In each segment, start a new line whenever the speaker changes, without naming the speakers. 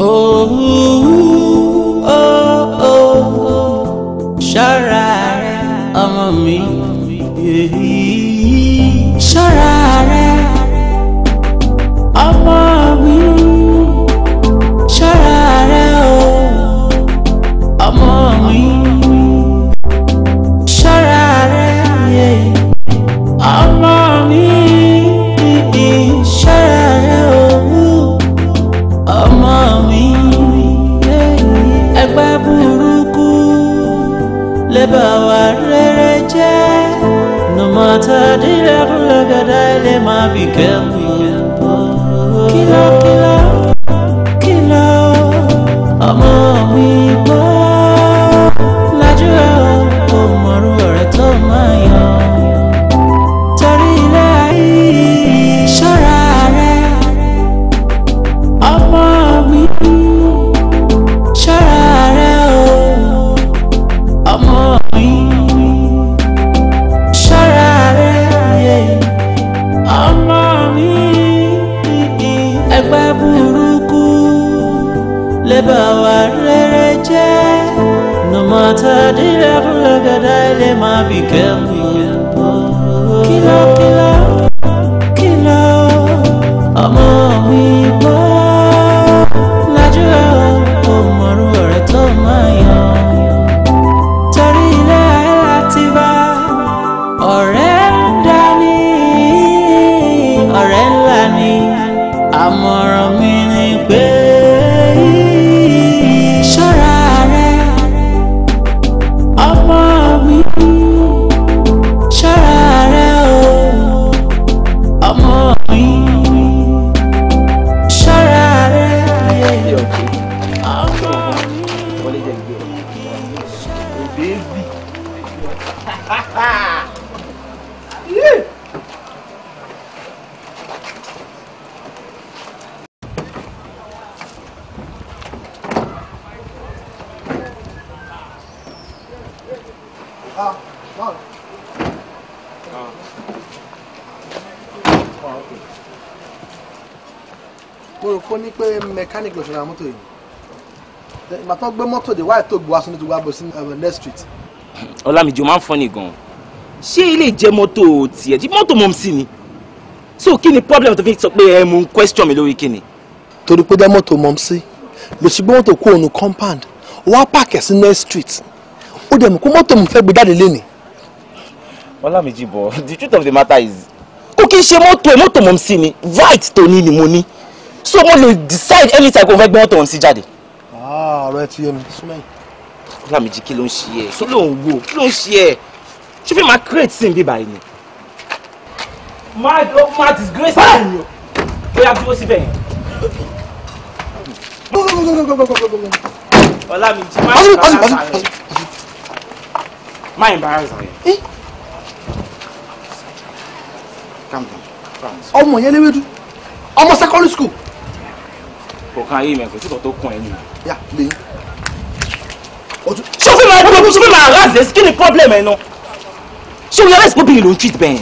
Oh. Be girl. m'appelle
mechanic lọ ṣọra mọ́tò yìí ìgbà tó gbé mọ́tò dé wáyé tó gbó aṣọ nítorí wàá bọ̀ sí um, next street. ọlámìjọ máa ń fọ́ ni gan-an ṣé ilé ìjẹ́ mọ́tò tiẹ̀ tí mọ́tò mọ̀ sí ni so kí ni problem tó fi sọ pé ẹ mú un question mi lórí kí ni. torí pé mọ́tò mọ̀ sí lò sí gbé mọ́tò kó òun compound wá pààkì sí next street ó dẹ̀ mú kó mọ́tò mi fẹ́ gbé jáde lénìí. ọlámìjì bọ̀ the truth of the matter is kò kí n ṣe mọ́tò ẹ̀ mọ́tò mọ̀ sí ni right tó ni mo ní so mo lè decide anytime kò fẹ́ gbé mọ́tò ọ̀hún sí jáde. Ah, ọ̀rọ̀ ẹ ti yé mi súnmẹ́yìn. Ọlámìjí kí ló ń ṣe ẹ kí ló ń wo kí ló ń ṣe ẹ ṣé fi máa create sin bí báyìí ni. máa lọ oh, máa disgrace ẹ ni o bóyá dúró síbẹ̀ yẹn. Ọlámìjí máa ń bá ara rẹ̀ máa ń bá ara rẹ̀. ọmọ yẹn léwédú ọmọ secondary school kọ̀ọ̀kan ayé mi kò sí kan tó kàn ẹ́ nìyẹn. yà lẹ́yìn. ṣé o fẹ́ máa gbọ́dọ̀ ṣé o fẹ́ máa ránṣẹ́ kí ni problem ẹ̀ náà ṣé o yọrẹ́sì pọ́bìnrin ló ń treat bẹ́ẹ̀.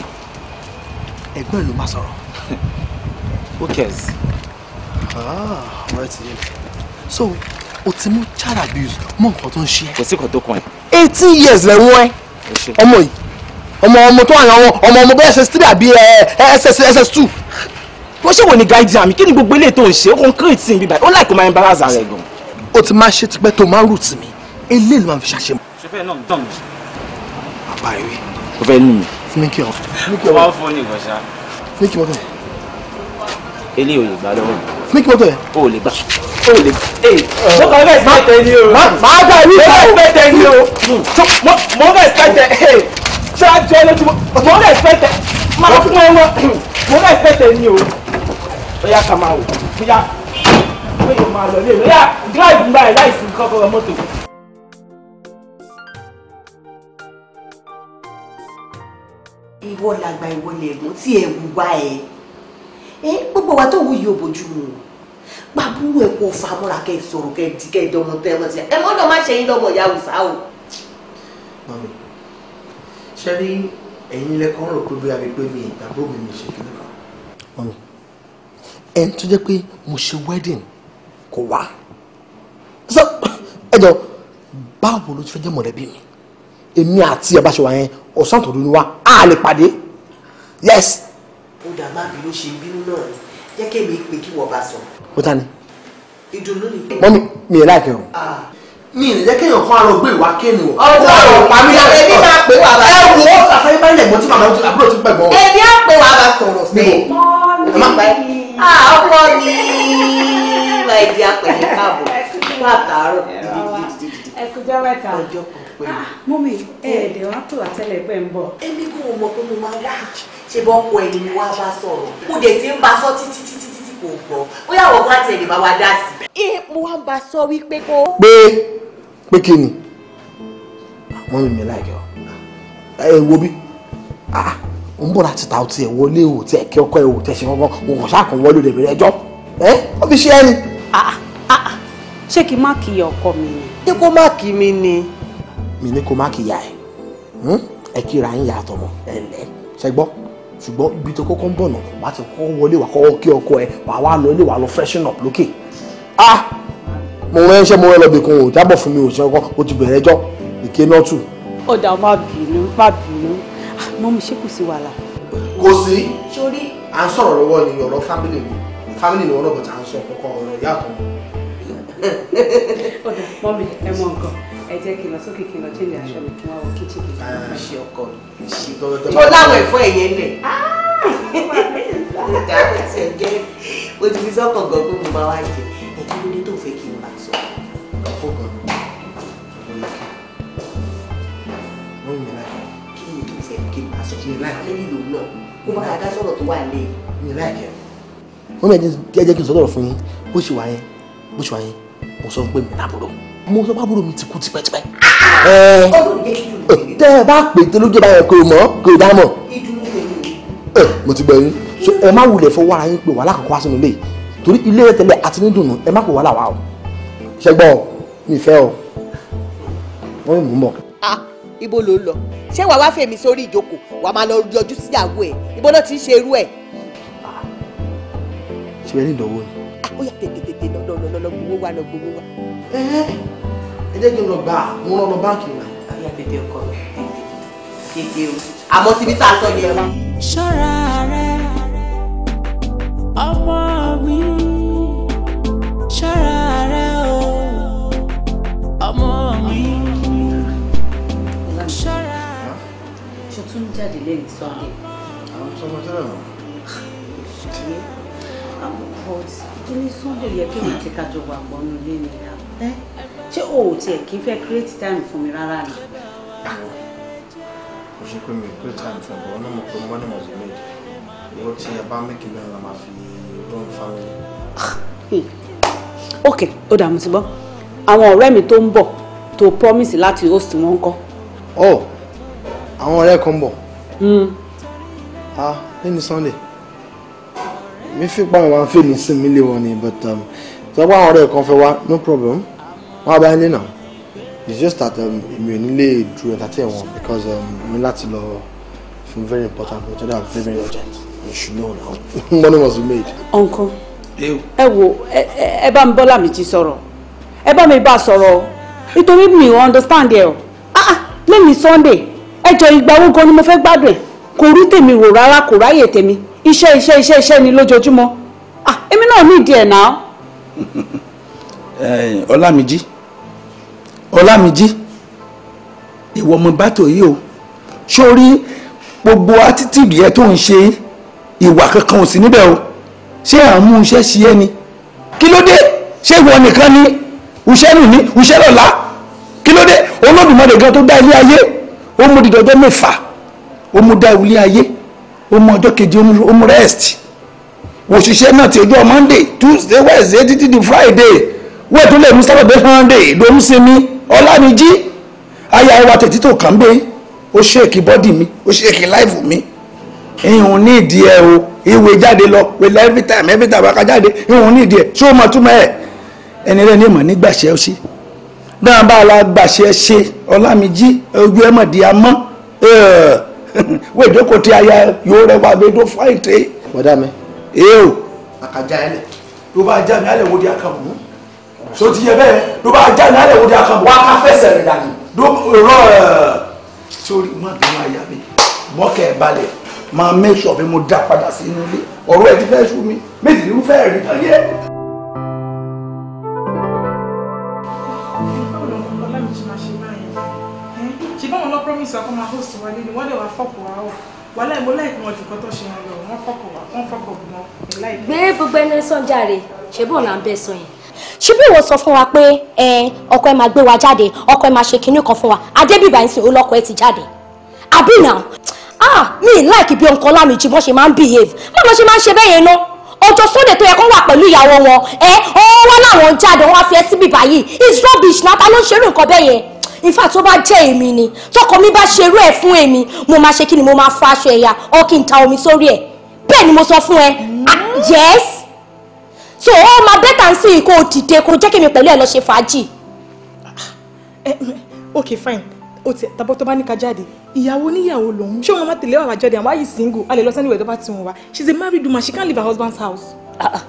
ẹ̀gbọ́n ẹ̀ ló máa sọ̀rọ̀. who cares. ah right here so o ti mú child abuse mọ nǹkan tó ń ṣe. kò sí kan tó kàn ẹ́. eighteen years lẹ́wọ́n ẹ ọmọ yìí ọmọ ọmọ tó wà ní ọmọ ọmọ bẹ́ẹ̀ ss three àbí ss eh, ss two kò ṣe wò ní guide àmì kí ni gbogbo eléyìí tó ń ṣe ó kàn create sí mi báyìí ó láìkó máa ń bára àzà rẹ̀ gan. o ti máa ṣe tipẹ́ tó máa rù tì mí eléyìí ló máa fi ṣàṣemọ. ṣe fẹ́ náà dán mi. bàbá rẹ o fẹ́ nù mí. fún mi kí ọ. o máa ń fọ ní ìgbọ̀nsá. fún mi kí mọ́tò yẹn. eléyìí ò lè gbà lọ́wọ́ mi. fún mi kí mọ́tò yẹn. o ò lè gbà o ò lè gbà. ṣọkọ ẹgbẹ́ ìsìnkẹ́tẹ̀ ni o. máa gbà ní ìsìnkẹ́tẹ̀ ni o. mo fẹ́ ìsìnkẹ́tẹ̀ ṣáájú ẹ lójúmọ́ mo fẹ́ ìsìnkẹ́tẹ̀ máa fún ẹ wọ́n mo fẹ́ ìsìnkẹ́tẹ̀ ni o bóyá ká máa wò bóyá bóyá máa lọ ilé bóyá drive ń gbà ẹ̀ láìsí kọ́kọ́rọ́ mọ́tò. ìwọ làgbà ìwọ lẹ̀gùn tí ẹ wùwá ẹ ẹ gbogbo wa tó wù yìí ò bójú mu pàbúrò ẹ kò fa mọ́ra kẹ́ ẹ sọ̀rọ̀ kẹ́ ẹ di kẹ́ ẹ dọ́mọ tẹ́ ẹ mọ́ ti ẹ mọ́dọ̀ má ṣe yín lọ́mọ ìyá òòsà o. mami ṣe rí ẹ̀yin lẹ́kọ̀ọ́ rò pé bí a lè mi ìgbàgbọ́ mi ní ṣe kí lẹ́kọ̀ọ́ ẹni tó jẹ́ pé mo ṣe wedding kò wá so ẹjọ báwo ló ti fẹ́ jẹ́ mọ̀lẹ́bí mi èmi àti ẹ̀ bá ṣe wà yẹn ọ̀sán tó lóyún wa á lè pàdé yes. ó dà má bínú ṣe bínú náà ni jẹ́ kí èmi pè kí wọ́n bá sọ. ó ta ni. ìdùnnú ni. mọ́mí mi ì láìpẹ́ o ah. mi ìrìn jẹ́ kéèyàn fún arọ gbé ìwà kéènì o. ọ̀gá ò pa mí lára ẹbí máa pè wá bá. ẹ wo àfẹ́yẹ́ bá ń yẹ̀gbọ́n tí màmá àbúrò ti pẹ̀ mọ́. ẹbí
á pè wá bá sọ̀rọ̀ sí i. ẹ má pa ẹ́. Ah, ọkọ mi máa di apẹ̀lẹ̀ káàbọ̀
fún àtàárọ̀ ẹkùjọ mẹ́ta ọjọ́ kan pé. Ah, mọ́mí ẹ ẹ̀dẹ̀ wá pè wá tẹ́lẹ̀ pé ń bọ̀. èmi kò mọ̀ pé mo máa ráàjì ṣe bọ́ ọkọ ẹni ni wàá bá sọ̀rọ̀ mo dẹ̀ ti ń bá sọ títí títí títí kò gbọ́
ó yà wọ́n láti ẹ̀dẹ̀
bá wa dá sí. ẹ mo wá ń bá sọ wípé kó. pé pé kí ni ah, mọ́mí mi láìjọ ẹ wo bí ń bọ̀ láti ta ọtí ẹ̀ wọlé o tí ẹ̀ kí ọkọ ẹ̀ o tẹ̀ ṣe kankan òkò ṣáàkàn wọlé rẹ̀ bẹ̀rẹ̀ ẹjọ́ ẹ́ wọ́n fi ṣe ẹni. Ah, ah, ah, ṣé kí má kì í ọkọ mi ni. ṣé kó má kì í mi ni. mi ní kó má kì í ya ẹ hmm? ẹ kíra ń ya àtọmọ ẹ lẹ ṣe gbọ́ ṣùgbọ́n ibi tó kọ́kọ́ ń bọ̀ náà wàá ti kọ́ wọlé wàá kọ́kọ́ kí ọkọ ẹ wàá wá lọ ilé wàá lọ freshen up lókè. ah
mo rẹ́ ṣe mo rẹ́ lọ bìkan o jábọ̀ fún mi ò ṣe ọkọ o ti bẹ̀rẹ̀ ẹjọ́ ìké náà tù.
ọ̀dà má bínú má bínú mọ́mí ṣé kò sí wàhálà. kò sí sórí à ń sọ̀rọ̀ lọ́wọ́ ni ọ̀rọ̀ fámìlì mi fámìlì ni wọ́n náà bọ̀tà à ń sọ kọ́kọ́ ọ̀rọ̀ ìyá àtọ̀ ọ̀dà mọ́mí ẹ mọ nǹkan ẹ jẹ́ kí n lọ sókè kí n lọ jẹ́lẹ̀ aṣọ mi kí n wá wọ kíchìn kí n lọ ṣe ọkọ mi. tó láwọn ẹ̀fọ́ ẹ̀yẹ lẹ̀ dáhùn tí ẹ ti fi sọ́kàn gan pé mo alẹ́ nílò lọ jẹ́ kí n sọ́dọ̀ fún yín bó ṣe wà yẹn bó ṣe wà yẹn mo sọ pé mi lábúrò mo sọ pábúrò mi ti kú tipẹ́tipẹ́. tẹ́ ẹ bá pè é lójú báyẹn kò mọ̀ kò dá mọ̀. mo ti gbẹ̀yìn so ẹ má wulẹ̀ fọwọ́ ara yín pé wàhálà kankan wá sínú ilé torí ilé rẹ tẹ́lẹ̀ àti ní dùnú ẹ má pè wàhálà wá o ṣẹgbọ́n mi fẹ́ o wọ́n mú un bọ̀ ibo ló ń lọ ṣé wàá wá fèmí sórí ìjókòó wàá máa lọ yọjú síyàwó ẹ ibo náà ti ń ṣe irú ẹ.
ṣe bẹ́ẹ̀ ní ìdánwò ni.
ó yá tètè tètè lọ lọ lọ lọ gbowó wa lọ gbowó wa. ẹ ẹ jẹ́ kí n lọ gbà mo rán lọ báńkì rẹ̀. àyà tètè ọkọ rẹ tètè o àmọ́ tibí tá a sọ yẹn o. ṣọ́ra rẹ ọmọ mi
ṣọ́ra. tún jáde lẹ́yìn sunday. àwọn
tọmọ tẹ́lẹ̀ mọ́. ṣe àbúkọ kí
ni sunday yẹ kí èèyàn
ti ká jọ wà pọ̀ nílé mi rà ẹ́ ṣé o ò tiẹ̀ kí n fẹ́ create time fún mi rárá ni.
kò ṣe pé mi create time fún ọ̀bọ̀ ọ̀nà mọ̀ pé money must be made
owó tí a bá mẹ́kì mẹ́rin la máa fi run family. Ah, ok ó dààmú ti gbọ́ àwọn ọ̀rẹ́ mi tó ń bọ̀ tó promise láti host wọn kọ́. oh àwọn ọ̀rẹ́ kan bọ̀ hmm. ah lẹ́nu sunday mi fi pa mi wá ń fèlè sí mi lè wọ ni but sọ um, pé àwọn ọ̀rẹ́ kan fẹ́ wá no problem wọ́n á bá yín lẹ́nà it's just that um, èmi ò ní lè ju entertain wọn because mi um, láti lọ fún very important meeting that very very urgent you should know now money must be made. uncle ẹ wo ẹ bá mi bọ́lá mi ti sọ̀rọ̀ ẹ bá mi bá sọ̀rọ̀ nítorí mi ò understand ẹ o ah, ah lẹ́yìn sunday ẹjọ ìgbà owó gan ni mo fẹ́ gbádùn ẹ̀ kò rí tèmi rò rárá kò ráyè tèmi iṣẹ́ iṣẹ́ iṣẹ́ iṣẹ́ ni lójoojúmọ́ ah èmi náà ní ìdí ẹ̀ náà.
ọlámìjí ọlámìjí ìwọ ọmọ bàtò yìí o sórí gbogbo attitude yẹ tó ń
ṣe ìwà kankan ò sí níbẹ̀ o ṣé à ń mú iṣẹ́ sí ẹ ni kí ló dé ṣé ìwọ nìkan ni iṣẹ́ nìní iṣẹ́ lọ́la kí ló dé olódùmarè gan tó dá ilé ayé ó mú dídọ́jọ́ mẹ́fà ó mú dá ìwúlé ayé ó mú ọjọ́ kejì ó mú rest òṣìṣẹ́ náà ti ọjọ́ monday tuesday wednesday títí di friday wẹ́ẹ̀ tó lè mú saturday sunday lòún sinmi ọ̀làníjí ayé àwa tètè tó kàn bẹ́ẹ̀ ó ṣèkì bọ́dì mi ó ṣèkì láìfù mi ìhun ní ìdí ẹ o ìwé jáde lọ wẹlẹ every time every time àbáka jáde ìhun ní ìdí ẹ ṣé o mọ̀ túmọ̀
ẹ ẹni rẹ ní ìmọ̀ nígbàṣẹ́ ó sí náà bá la gbàṣẹ ṣe ọlámìjí ojú ẹ mọ̀ di amọ́ wẹ́ẹ̀dẹ́ kò tí aya yóò rẹwà
gbẹdọ́ fáìtẹ́. bọ́dà mi. ee o. àkàjà ẹ lẹ ló bá já mi alẹ́ wo di akamu so ti yẹ bẹ́ẹ̀ ló bá já mi alẹ́ wo di akamu. wà á ká fẹsẹ̀ rẹ̀ dànù. ló rọ ẹ
sórí má bínú aya mi mọ́kẹ́ ẹ̀ balẹ̀ máa mẹ́sọ̀ bí mo dá padà sínú ilé ọ̀rọ̀ ẹ ti fẹ́ sú mi méjìlélúfẹ́ rí tán yẹ.
ṣe máa ṣe báyìí ṣe báwọn lọ promise wa kó máa host wa lẹ́nu wọ́n dẹ̀ wá fọ́ọ̀kù wa ọ̀ wà láì mo láì wọn jù kọ́ tó ṣe wọn lọ wọ́n fọ́ọ̀kù wa wọ́n fọ́ọ̀kù gan láì.
gbé gbogbo ẹni sàn jàre ṣe bọ́ọ̀ là ń bẹ sọ yẹn. ṣé bí ìwọ sọ fún wa pé ọkọ ẹ máa gbé wa jáde ọkọ ẹ máa ṣe kinní kan fún wa adébíbà ń sìn ó lọkọ ẹ ti jade. Abi náà ah me like láìkì bí ọkọ lámìjì bọ́ ṣe máa ń behave báwo ṣe máa ń ṣe bẹ́ẹ̀ yẹn ọjọ́ sunday tó yẹ kó wà pẹ̀lú ìyàwó wọn ẹ ọwọ́ wọn làwọn jáde wọn fi ẹ síbi báyìí it's rubbish náà ta ló ń ṣerú nǹkan bẹ́ẹ̀ yẹn ìfà tó bá jẹ́ èmi ni tọkọ mi bá ṣerú ẹ̀ fún èmi mo máa ṣe kí ni mo máa fọ aṣọ ẹ̀yà ọ kí n ta omi sórí ẹ̀ bẹ́ẹ̀ ni mo sọ fún ẹ ah, yes so ọ máa bẹ́tà ń
sìn kó dìde kó jẹ́ kí mi pẹ̀lú ẹ lọ ṣe fàájì. Ah, eh, eh, ok fine ó ti tàbọ́ tó bá ní ká jáde ìyàwó níyàwó lòun ṣé wọn máa tẹ̀lé wàá jáde àwọn àyè single a lè lọ sẹ́niwẹ̀ẹ́ tó bá ti wọn wá she is a married woman she can't leave her husband's house. Ah, ah.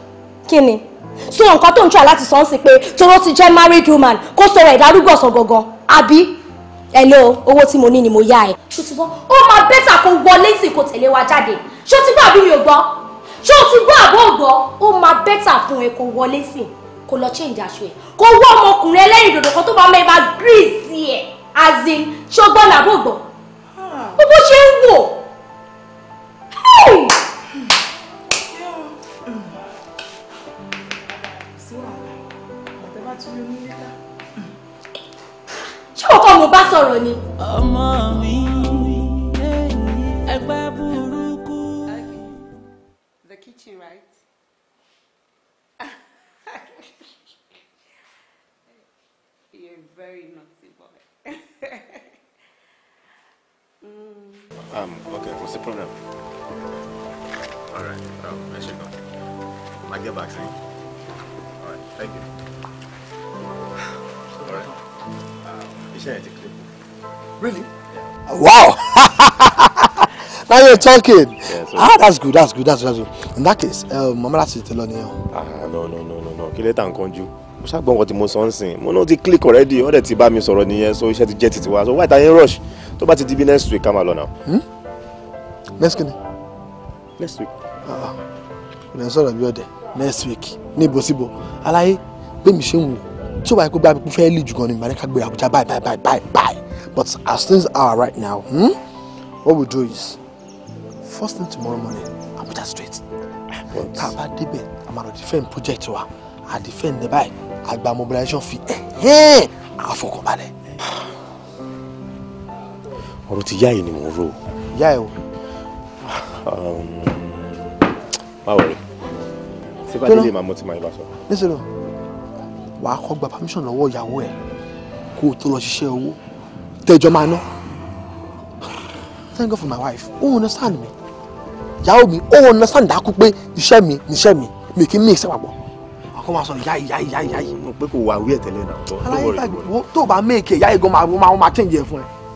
kí ni so nǹkan
tó ń try láti sọ ń sí pé toró ti jẹ́ married woman kó sọ̀rọ̀ ìdarúgbọ̀ sọ gangan àbí hello owó tí mo ní ni mo yá ẹ. ṣùtúbọ̀ ó máa bẹ́tà kó wọlé sí kó tẹ̀lé wa jáde ṣùtúbọ̀ àbí mi ò gbọ́ ṣùtúbọ̀ àbó gbọ́ ó change aṣọ ẹ kó wọ́ ọmọkùnrin ẹlẹ́rìndòdò kan tó máa mẹ́ máa azin ṣọgbọ́n làbọ̀gbọ̀
bó ṣe ń wò.
ṣé ọkọ mo bá sọ̀rọ̀ ni. ọmọ mi
ẹgbẹ́ burúkú.
The very naughty.
Um, okay, what's the problem? Alright, um, I should go. I'll get back to you. Alright, thank you. Alright. Um, you said I take
Really? Yeah. Uh, wow! now you're talking. Yeah, ah, that's good, that's good, that's good, that's good. In that case, um, Mama láti tell her here. Ah, no, no, no, no, no. Kí ló
tàn kánjú? Mo ṣàgbọ́n nǹkan tí mo sọ ń sìn. Mo náà ti click already. Ó dẹ̀ ti bá mi sọ̀rọ̀ nìyẹn, so iṣẹ́ ti jẹ́ titi So why are you rush? tó bá ti di bí next week ká máa lọ náà.
Hmm? next kini. next week. ọ̀nà ah, ah. sọ̀rọ̀ bí ọ̀dẹ̀ next week ní ìbòsíbò aláyé gbẹ̀mí ṣé wù tí ó bá yẹ kó bá mi fẹ́ lè jù gan ni màá ní ká gbé Àbújá bye bye bye bye bye but as things are right now hmm, what we do is first thing tomorrow morning Abuja straight tá a bá débẹ̀ a máa defend project wa a defend the buy àgbà mobilization fee ẹ̀hẹ́n àfọkànbalẹ̀
ọ̀rọ̀ ti yá yìí ni mò ń rò. yá ẹ o. Um, má wọrí tí bá délé màá mú ti máa bá sọ.
nísìnyí wà á kọ́ gba permission lọ́wọ́ ìyàwó ẹ̀ kó o tó lọ ṣiṣẹ́ owó tẹ́jọ́ máa ná. thank you for my wife ó understand mi ìyàwó mi ó understand dákú pé iṣẹ́ mi níṣẹ́ mi mi kì í mí ìṣẹ́ papọ̀ kó máa sọ ìyá
ìyá ìyá ìyá yìí. mo pé kò wá wí ẹ̀ tẹ́lẹ̀ náà. aláyé
gbàgbé tó o bá mẹ́ẹ̀kì ìyá yìí gan máa máa change ẹ̀ fún ẹ.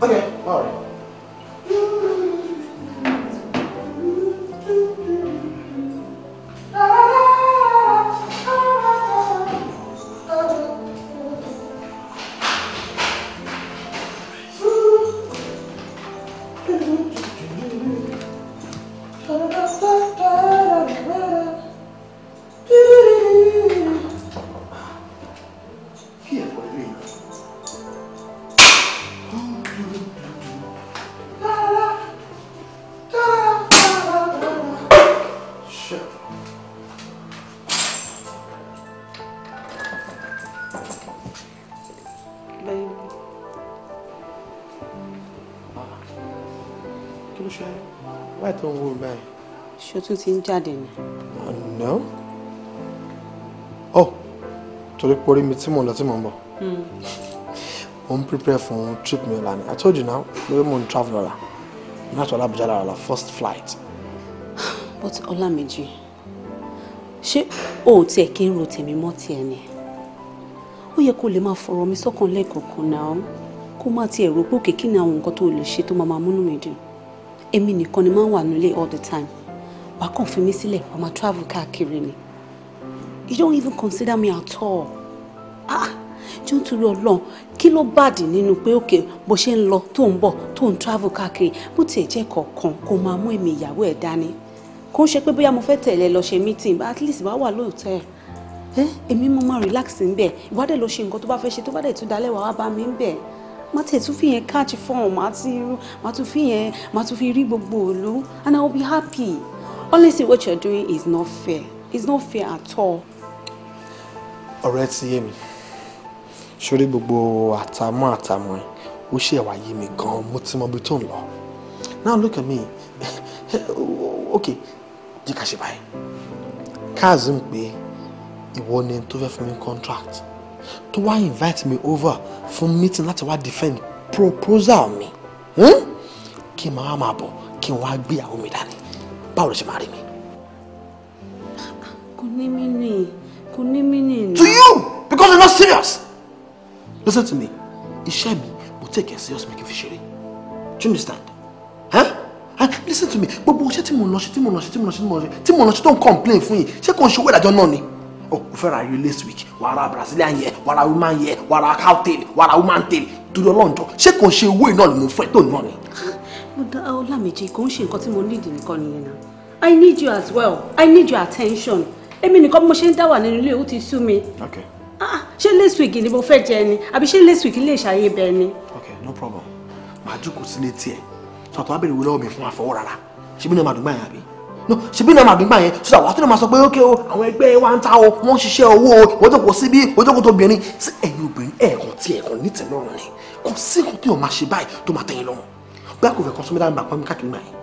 Okay, alright.
tún ti ń jáde ni. ọ̀nà ọ oh, torí porí mi tí mò ń lọ tí mò ń bọ̀ hmm. mo ń prepare fún trip mi lani. I told you now lórí mo ń travel ọ̀la láti ọ̀la lára la first flight.
but Ọlámẹ́jì ṣé o ò tiẹ̀ kí n ro tèmi mọ́ tiẹ̀ ni
ó yẹ kó lè máa fọ̀rọ̀ mi sọ́kàn lẹ́ẹ̀kọ̀ọ̀kan náà kó má tiẹ̀ rò pé òkè kí ni àwọn nǹkan tó lè ṣe tó máa máa múnú mi dùn èmi nìkan ni máa ń wà nílé all the time wàá kàn fi mí sílẹ̀ wàá máa travel káàkiri ni you don't even consider me at all ah tí ó ń torí ọlọ́run kí ló bàdì nínú pé òkè bó ṣe ń lọ tó ń bọ̀ tó ń travel káàkiri bó tiẹ̀ jẹ́ kọ̀ọ̀kan kó máa mú èmi ìyàwó ẹ̀ dání kó ń ṣe pé bóyá mo fẹ́ tẹ̀lé lọ ṣe meeting but at least wàá wà lóòótọ́ ẹ̀ èmi mo máa relax
ń bẹ̀ ìwádẹ̀ ló ṣe nǹkan tó bá fẹ́ ṣe tó bá dẹ̀ tún dalẹ̀ wàá bá mi ń bẹ̀ má tẹ̀ tún fi yẹn catch fọ́ọ̀n má tún fi yẹn má tún fi rí gbogbo òlu and I will be happy. Honestly, what you're doing is not fair. It's not fair at all.
Alright, see
me. mi. bubu, atamu, atamu. àtàmọ́ ẹ̀, ó ṣe ẹ̀wà yé mi gan-an, mo Now look at me. okay, jẹ́ ká ṣe báyìí. Kazeem pé ìwọ ni tó contract. Tó wá invite me over for meeting That wá defend proposal me. Hmm? Kí Kima máa máa bọ̀ kí n báwo ló ṣe máa rí mi. kò ní mí nì kò ní mí nì. to you because you're not serious. listen to me iṣẹ́ mi mo take it serious make kì í fi ṣeré do you understand. Huh? Huh? listen to me gbogbo iṣẹ́ tí mo lọ ṣe tí mo lọ ṣe tí mo lọ ṣe tí mo lọ ṣe tí mo lọ ṣe tó ń complain fún yìí ṣé kò ń ṣe owó ìdájọ́ náà ni oh o fẹ́ ra rí last week wàá ra brazilian yẹ wàá ra woman yẹ wàá ra cow tail wàá ra woman tail torí ọlọ́njọ́ ṣé kò ń ṣe owó ìnáà ni mo fẹ́ tó náà ni. Ọlámèjì kò ń ṣe nǹkan tí mo need nìkan nìyẹn náà I need you as well I need your attention èmi nìkan mo ṣe ń dá wà nínú ilé ó ti sú mi she
ah, ah, last week ni mo fẹ́ jẹ ni àbí ṣé next week lè ṣàyè bẹ́ẹ̀ ni.
ok no problem màá jókòó sílé tiẹ̀ sọ̀tọ̀ abẹ́rẹ́ ìwé lọ́wọ́ mi fún àfọwọ́ rárá ṣebí náà màdùn báyìí àbí no ṣebí náà màdùn báyìí sọ àwọn àtúndì máa sọ pé ókè o àwọn ẹgbẹ́ wa ń ta o wọ́n ń ṣiṣẹ́ owó o wọ́n jókòó síbí wọ́n jókòó tó obìnrin sí ẹ̀yin obìnrin ẹ̀ẹ̀kan tí ẹ̀ẹ̀kan nítẹ̀lọ́rùn ni kò sí nǹkan tí yóò máa ṣe báyìí tó máa tẹ̀yìn lọ́rùn gbá kò fẹ́ kọ́ sọmídà handbag pàmí káàkiri náà yìí.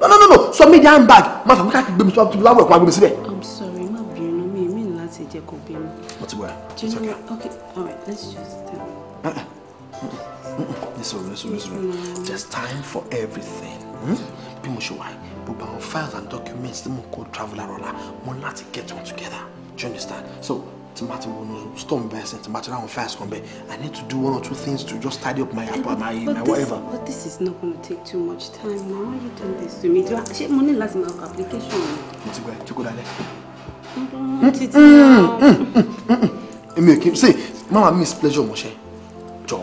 no no no no sọmídà handbag má fà mí káàkiri gbé mi tó bá wẹ̀ kó má síbẹ̀. i'm sorry má bínú mi mi ní láti jẹ kó bínú. mo ti wẹ̀ it's okay. okay all right let's just tell me. nisoro nisoro nisoro there's time for everything. Hmm? bí mo ṣe wà gbogbo àwọn files and documents tí mo kó traveller ọ̀la mo láti get one together do you understand so tí n bá ti wọnú store bẹ́ẹ̀ sẹ́n tí n bá ti wonu store bee senator ti I need to do one or two things to just tidy up my apartment my, my this, whatever. But this is not gonna take too much time na you doing this to me? Ṣé mo ní láti máa kọ application? Mo ti gbà ẹ́ jókòó dalẹ̀. Mo ti ti náà. Mm, mm, mm, Èmi ò kí n ṣe mama miss pleasure mo ṣe jọ.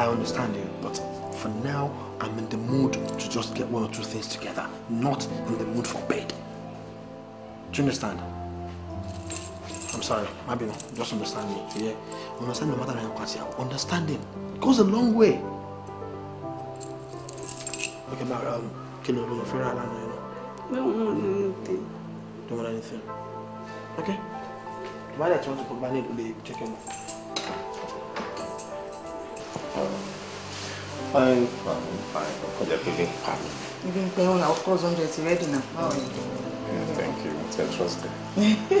I understand you but for now I'm in the mood to just get one or two things together not in the mood for bed. Do you understand? I'm sorry, Mabino, just understand me. Yeah, understand my mother and Kwasia. Understanding goes a long way. Okay, but um, can you look for Alana? You know? No, no, anything. Don't want anything. Okay. Why that you want to put money to the check him? Um,
fine, fine, fine. Okay, they're giving pardon.
You've been paying, of course, 100 already now. Oh, yeah.
yeah, thank you. It's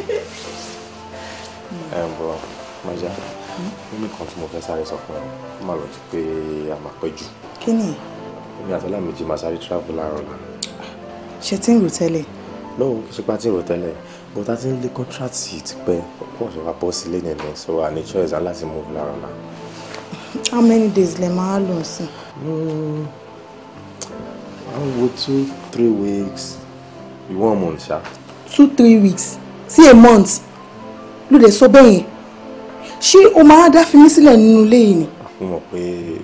interesting
ẹ̀ ń bọ̀ májá ó ní kan tí mo fẹ́ sáré sọ fún ẹ ó má lọ ti pé a máa pẹ́ jù. kí ni. èmi àtọ́lá mi jí màá sáré travel láàárọ̀ la.
ṣe tí ń rò tẹ́lẹ̀.
lọ́wọ́ kí ṣe pa tí ń rò tẹ́lẹ̀ but a ti ń lé contract yìí ti pẹ́ pọ̀ ṣe wá bọ́ sílé yẹn ni so a ní choice láti move láàárọ̀ la.
how many days lè máa lò sí.
àwọn wo two three weeks one month ṣá.
two three weeks sí a month ló lè sọ bẹ́ẹ̀ yẹn ṣé o máa dá fi mí sílẹ̀ nínú ilé yìí ni.
mo mọ̀ pé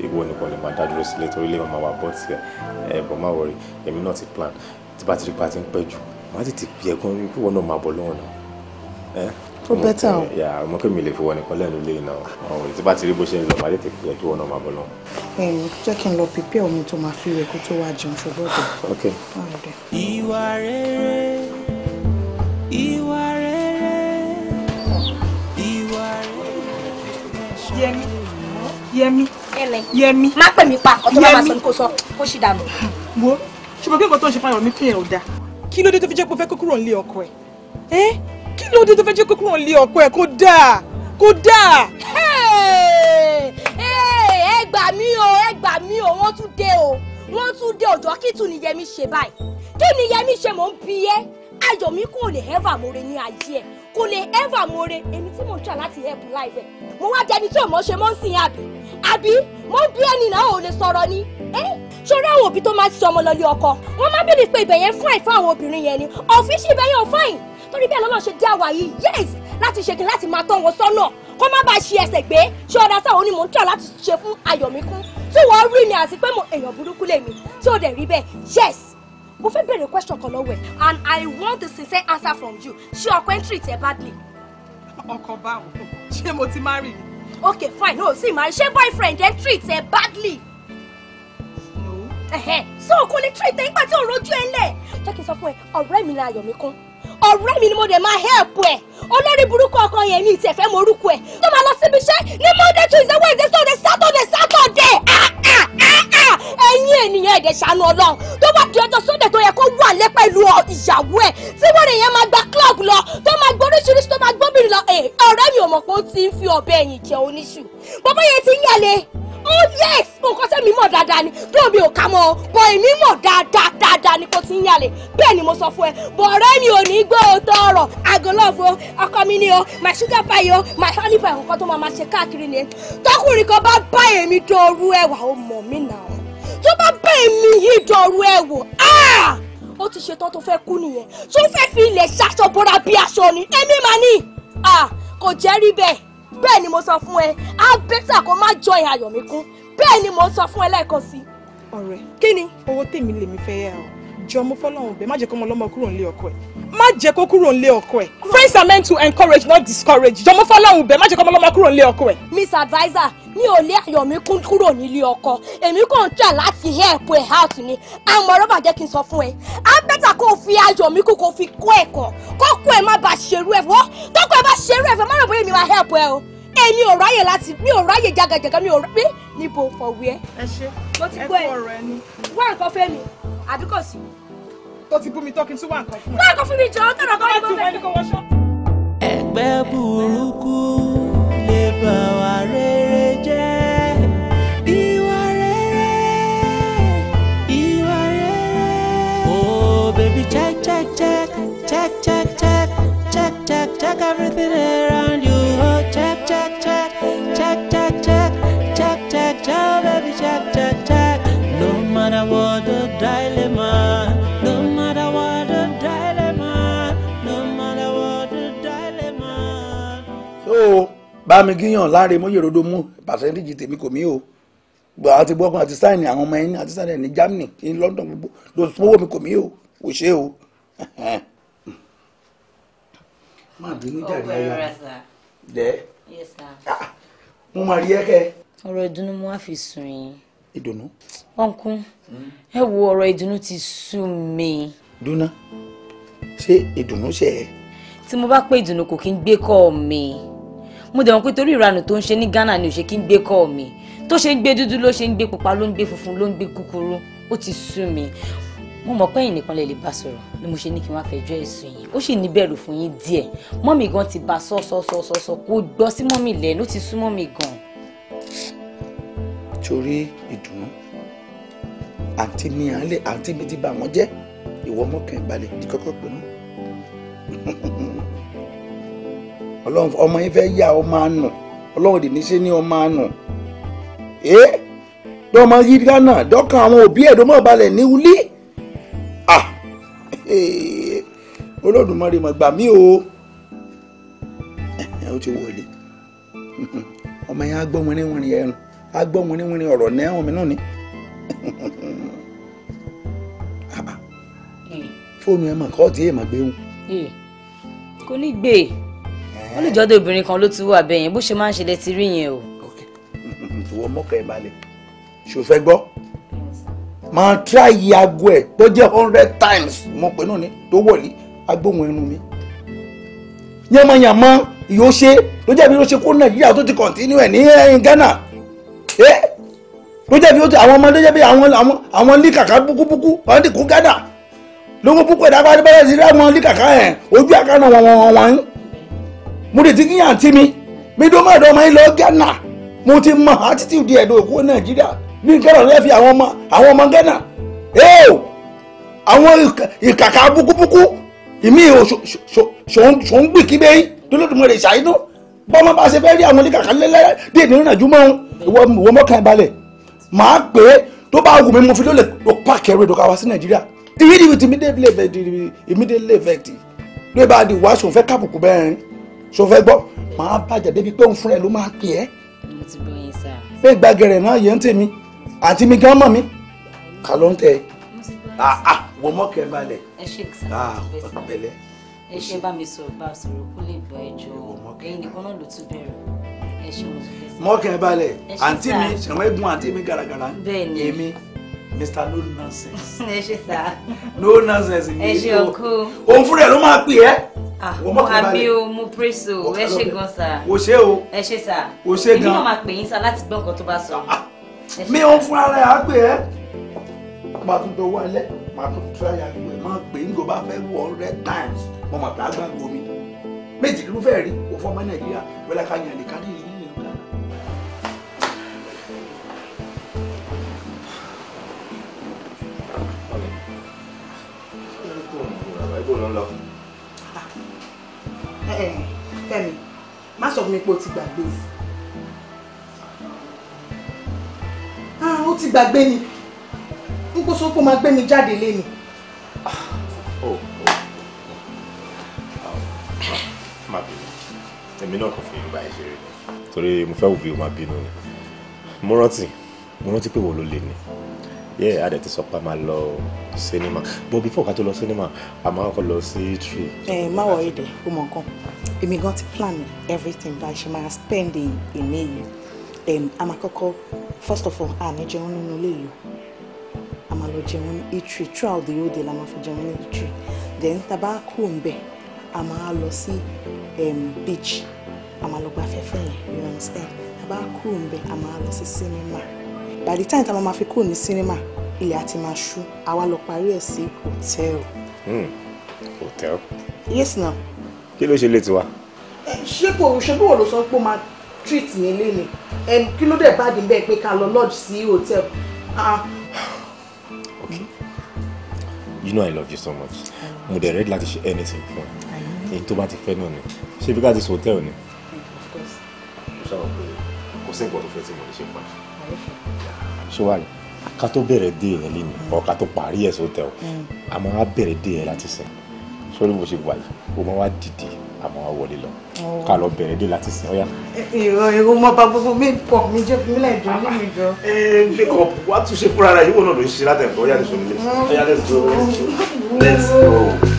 ìwọ nìkan lè máa dá dúró sílẹ̀ torí lè máa wà bọ́ tiẹ̀ ẹ̀ bọ́ má wọrí èmi náà ti plan tí bá ti rí pa ti ń pẹ́ jù màá tètè pè é gan kí wọn náà máa bọ̀ lọ́wọ́ náà. ó bẹ́tà o. yà á mọ kí mi lè fi wọ nìkan lẹ́nu ilé náà ọ̀hún tí bá ti rí bó ṣe ń lọ màá tètè pè é kí wọn náà máa bọ̀ lọ́wọ́.
ẹ jẹ́ kí n lọ pípẹ́ omi tó máa fi rẹ̀ tó wá jẹun
ṣùgbọ́n
yẹmi yẹmi
yẹmi má pè mí pa ọtọ bá ma sọ ní kò sọ kó sì dànù. wo ṣùgbọ́n kí nǹkan tó ń ṣe fáyọ̀ mi pín yẹn ò dáa kí ló dé tó fi jẹ́ pé ó fẹ́ kó kúrò nílé ọkọ ẹ̀ kí ló dé tó fẹ́ jẹ́ pé kúrò nílé ọkọ ẹ̀ kó dáa kó dáa.
ẹ gbà mí o ẹ gbà mí o wọ́n tún dé o wọ́n tún dé ọjọ́ kí tún ni yẹmi ṣe báyìí kí ni yẹmi ṣe mò ń bi ẹ́ ayọ̀mí kò lè ẹ́fà mòre ní ayé ẹ̀ kò lè ever more èmi tí mò ń try láti help life ẹ̀ mo wá jẹni tí ò mọ̀ ṣe mọ́ ń sìn àbí àbí mo ń bí ẹni náà ò lè sọ̀rọ̀ ni ṣọ́rọ́ àwọn òbí tó máa ń ṣe ọmọ lọ́lé ọkọ wọ́n má bèèrè pé ibẹ̀ yẹn fine fún àwọn obìnrin yẹn ni ọ̀fíìsì ibẹ̀ yẹn ò fine torí bẹ́ẹ̀ lọ́nà ṣe dé àwa yìí yes láti ṣe kí láti máa tọ́ wọn sọ́nà kó má bàa ṣe ẹsẹ̀ gbé ṣé ọ̀dà sáwọn onímọ̀ ń tọ̀ láti ṣe fún ayọ̀míkún tí wọ́n rí ni àti pé mo èèyàn burúkú lèmi tí ó dẹ̀ rí bẹ́ẹ̀ yes mo fẹ́ bẹ̀rẹ̀ question kan lọ́wọ́ ẹ̀ and I want a sincere answer from you ṣé ọkọ ẹ̀ ń badly. ọkọ báwo ṣé mo ti marry ni. ok fine no sì máa ṣé boyfriend ẹ̀ ń treat ẹ badly. so kò lè treat ẹ nígbà tí òun rojú ẹ lẹ̀ jẹ́ kí n sọ fún ẹ ọ̀rẹ́ mi la ayọ̀ mi kún ọ̀rẹ́ mi ni mo dẹ̀ máa help ẹ̀ olórí burúkú ọkọ yẹn ní ìtẹ̀fẹ́ mo orúkọ ẹ̀ tó máa lọ síbi iṣẹ́ ní monday tuesday wednesday thursday saturday saturday. Ah! ẹ̀yin ènìyàn ẹ̀dẹ̀ ṣàánú ọlọ́run tó bá di ọjọ́ sódẹ̀ tó yẹ kó wà lẹ́ pẹ̀lú ìyàwó ẹ̀ tí wọ́n lè yẹn máa gba club lọ tó máa gbọ́ oríṣiríṣi tó máa gbóbìnrin lọ eh, ọ̀rẹ́ mi ò mọ̀ pé ó ti ń fi ọ̀bẹ ẹ̀yìn jẹ oníṣù bàbá yẹn ti ń yàlẹ̀ oh yes nǹkan tẹ́mi mọ̀ dáadáa ni tó mi ò ká mọ́ ọ bọ̀ èmi mọ̀ dáadáa dáadáa ni kò ti ń yàlẹ̀ bẹ́ẹ̀ ni mo sọ fún ẹ bọ̀ ọ̀rẹ́ mi ò ní gbọ́ òótọ́ ọ̀rọ̀ àgọ́lọ́fọ́ ọkọ mi ni o my sugar pie o my honey pie nǹkan tó máa ma ṣe káàkiri nìyẹn tọkùnrin kan bá bá èmi dọ̀rú ẹwà ó mọ̀ mí náà tó bá bá èmi yìí dọ̀rùn ẹ̀ wò ah! ó ti ṣetán tó fẹ́ kú nìyẹn tó fẹ́ fi ilẹ̀ ṣaṣọ bóra bí aṣọ ni èmi máa ní kò jẹ́ rí bẹ́ẹ̀ bẹ́ẹ̀ ni mo sọ fún ẹ á bẹ́tà kó má jọ ìhà ayọ̀ mi kún bẹ́ẹ̀ ni mo
sọ fún ẹ lẹ́ẹ̀kan sí. ọ̀rẹ́ kí ni owó tèmi lèmi fẹ́ yá o jọ mo fọlọ́run bẹ́ẹ̀ má jẹ́ kó ọmọ ọlọ́mọ kúrò nílé ọkọ ẹ̀ má jẹ́ kó kúrò nílé ọkọ ẹ̀ friends are meant to encourage not discourage jọ mo fọlọ́run bẹ́ẹ̀ má jẹ́ kó ọmọ ọlọ́mọ kúrò nílé ọkọ ẹ̀. miss adviser mi ò lé Àyọ̀míkún kúrò nílé
ọkọ èmi kàn ń jà láti help ẹ̀ out ni àmọ́ rọ́bà jẹ́ kí n sọ fún ẹ á bẹ́tà kó o fi Àyọ̀míkún kó o fi kó ẹ̀kọ́ kọ́kọ́ ẹ má bàa ṣerú ẹ̀ wọ́n tọ́kọ́ ẹ bá ṣerú ẹ̀ fẹ́ má rò bóyá èmi máa help ẹ o èmi ò ráyè láti mi ò ráyè jagajaga mi ò rí níbo fọwọ́
ẹ. ẹ ṣe ẹ kú ọ̀rọ̀ ẹnu. wá nǹkan fẹ́ mi àbí tó ti bú mi tọ́kí tí wá nǹkan fún ẹ. wá nǹkan fún mi jọ ọ́ tọ̀rọ̀ kọ́ ni mo
fẹ́.
bámi gíyàn láre mọ́yèròdo mú pàṣẹ́ntíjì tèmi kò mí o gbọ́ àti gbọ́kàn àti sáìnì àwọn ọmọ ẹ̀yìn àti sáìnì ní Germany ní London gbogbo ló fowó mi kò mí o kò ṣe o. má bínú jàre ayọ̀ dẹ́
ah,
mo máa rí ẹ́kẹ́. ọ̀rọ̀ ìdùnnú mo wá fi sùn
yín. ìdùnnú.
ọ̀nkún ẹ wo ọ̀rọ̀ ìdùnnú ti sú mi.
dúnà ṣé ìdùnnú ṣe é.
tí mo bá pé ìdùnnú kò kí ń gbé kọ́ mi mo dẹ̀ wọ́n pé torí ìranù tó ń ṣe ní Ghana ni ò ṣe kí ń gbé kọ́ mi tó ṣe ń gbé dúdú ló ṣe ń gbé pupa ló ń gbé funfun ló ń gbé kúkúrú ó ti sú mi mo mọ̀ pé ẹ̀yin nìkan lè lè bá sọ̀rọ̀ ni mo ṣe ní kí n wá fẹjọ́ ẹ̀sùn yìí ó sì ní bẹ̀rù fún yín díẹ̀ mọ́mì gan ti bá sọ́sọ́sọ́sọ́ kó gbọ́ sí mọ́mì lẹ́nu ó ti sú mọ́mì gan.
torí
ìdùnnú àǹtí mi àlẹ àǹtí mi ti bà wọ́n jẹ́ ìwọ
mọ́kàn ìbalẹ̀ ní pẹ̀lú ọlọ́run ọmọ yín fẹ́ yà ọmọ àánú ọlọ́run dì ní ṣe ní ọmọ àánú ẹ dọ́mọ yìí gánà dọ́kan àwọn òbí ẹ̀ ló mọ̀ balẹ̀ ní wúlí ah olódùmarè mà gbà mí o ẹ ó ti wọlé ọmọ yẹn á gbọ́ wìnrìnwìnrìn ẹ̀rùn á gbọ́ wìnrìnwìnrìn ọ̀rọ̀
náà ọmọ náà ni fóònù ẹ̀ mà kọ́ ọ́ tí èèmà gbé wọn.
kò ní gbé e ó lè jọ́dọ̀ obìnrin kan ló ti wà bẹ́ẹ̀ yẹn bó ṣe máa ń ṣe lè ti rí yẹn o.
ìwọ mọ́kàn ẹ̀ balẹ̀
ṣò fẹ́ gbọ́ máa tíráyì aago ẹ̀ tó jẹ́ hundred times mo pè náà ni tó wọ̀lí agbóhùn ẹnu mi yánmọ́yánmọ́ yóò
ṣe ló jẹ́ bí ó ṣe kó nàìjíríà tó ti kọ̀ntínú ẹ̀ ní eh, Ghana ló eh? jẹ́ bí àwọn ọmọ ló jẹ́ bí àwọn àwọn líkàkà búkúbúkú àwọn ti kú Ghana lówó púpọ̀ ìdábàdí bẹ́rẹ̀ sí rí àwọn líkàkà ẹ̀ ojú àkànnà wọn wọn mo lè ti ní àǹtí mi mi tó má dọ́ ọmọ yín lọ Ghana mo ti mọ attitude ẹ̀dọ̀ òkú Nàìjíríà ní nǹkan ọ̀rẹ́ fi àwọn ọmọ àwọn ọmọ Ghana ẹ́ẹ̀ àwọn ìkàkà bukubuku ìmí ṣòǹgbì kíbe yín tó ló dùn mọ́ lè ṣàyínú bọ́mọ bá ṣe fẹ́ rí àwọn oníkàkà lẹ́lẹ́ dé ní ìrìnàjò mọ́ òun ìwọ mọ́kàn balẹ̀ màá pè é tó bá wù mí mo fi ló lè lọ pààkì ẹrù ìdọ̀ka wá sí Nàìjíríà ìyí ni with immediate effect ló bá di wàásù fẹ́ kábùkù bẹ́ẹ̀ rin ṣo fẹ́ gbọ́ màá bàjẹ́ débi pé òun fúnra ẹ̀ ló máa pè ẹ́. mo ti gbọ́ yín sá. pé gbàgẹ̀rẹ̀ náà yẹn ń tèmi àti mi gan mọ̀ mi kà ló ń tẹ ah, ah, ẹ. wọ́n mọ̀ kẹ́ balẹ̀. ẹ ṣe ìsàlẹ̀ bẹ́sẹ̀
ẹ ṣe bá mi sọ̀rọ̀ bá sọ̀rọ̀ kó lè gbọ́ ẹjọ́ ẹ̀yin
nìkan náà ló tún bẹ̀rẹ̀ ẹ ṣe mo ti fẹ́ sọ. mọ̀kẹ́ àǹtí mi ṣẹ̀wọ́n eégún àǹtí mi gàràgàrà èmi mr no nonsense.
ẹ ṣe sá.
no nonsense ni èyí tó
òun fúnra ẹ ló máa pè ẹ. Ah, mo àbí o mo praise o ẹ ṣe gan sá. o ṣe o. ẹ ṣe sá. o ṣe gan. èmi máa pè yín sá láti gbọ́ nǹkan tó bá sọ. Ah,
ah. mi òun fúnra rẹ̀ á pè ẹ́ máa tún dọwọ́ ẹlẹ́ máa tún tún ayà gbọ́ máa pè é nígbà bá fẹ́ wọ hundred times mo máa pè á gbàgbọ́ mi méjì ló fẹ́ rí òfò nàìjíríà wẹ́lá ká yàn lè ká nìyí
bò ló ń lọ. Ah,
eh, eh, Fẹ́mi má sọ fún mi pé o ti gbàgbé ah, o ti gbàgbé ni n kò sọ pé o máa gbé mi jáde lé mi.
Ah, oh, oh, oh, má bínú èmi náà kò fi ìgbà ẹ ṣeré ni torí mo fẹ́ wù bí o máa bínú ni mo rántí mo rántí pé wo ló lè ní yeah adẹ ti sọ pé a máa lọ sinima but before ká tó lọ sinima a máa kọ́ lọ sí tree.
ẹ má wọ èdè ó mọ nǹkan èmi gan ti plan everything bá a ṣe máa spend èmi yìí a máa kọ́kọ́ first of all àní jẹun nínú ilé yìí a máa lọ jẹun ní eatery throughout the whole day la máa fi jẹun ní eatery then taba kú òǹbẹ a máa lọ sí beach a máa lọ gba afẹ́fẹ́ yẹn you understand taba kú òǹbẹ a máa lọ sí cinema by the time tá a máa fi kúrò ní sinimá ilẹ̀ àti máa ṣú àwa lọ parí ẹ̀ sí hòtẹ́ẹ̀lì. hòtẹ́ẹ̀lì. Hmm, yes na.
kí ló ṣe lè tiwa.
ṣé kò ṣe bí wọ́n lọ sọ pé máa treat mi léni kí ló dé báàdì bẹ́ẹ̀ pé ká lọ lodge sí hòtẹ́ẹ̀lì. Ah, ah. okay
you know i love you so much mo dẹ̀ ready láti ṣe anything fún ẹ èyí tó bá ti fẹ́ náà ni ṣé bí ká ti sọ hòtẹ́ẹ̀lì ni. of course. mo ṣàwọn pé kò sí nǹkan tó fẹ́ tí mo lè ṣe pa ṣé wàá rí ká tó bẹ̀rẹ̀ dé yẹn lé ní ọ̀ ká tó parí ẹ̀ sóòtẹ́ o àmọ́ mm. wá bẹ̀rẹ̀ dé yẹn láti sìn sórí bó ṣe wà yìí o máa wá dìde àmọ́ wá wọlé lọ oh. ká lọ bẹ̀rẹ̀ dé láti sìn ọ́yá.
ìrọ̀ ìrọ̀ mo bá gbogbo makeup mi jẹ́ fún mi láì jọ ní mi jọ. ẹ
makeup wá tún ṣe fúnra rẹ̀ yíwọ náà ló ń ṣe látẹ̀kọ́ yálẹ̀ sọ̀rọ̀
lẹ́sìn.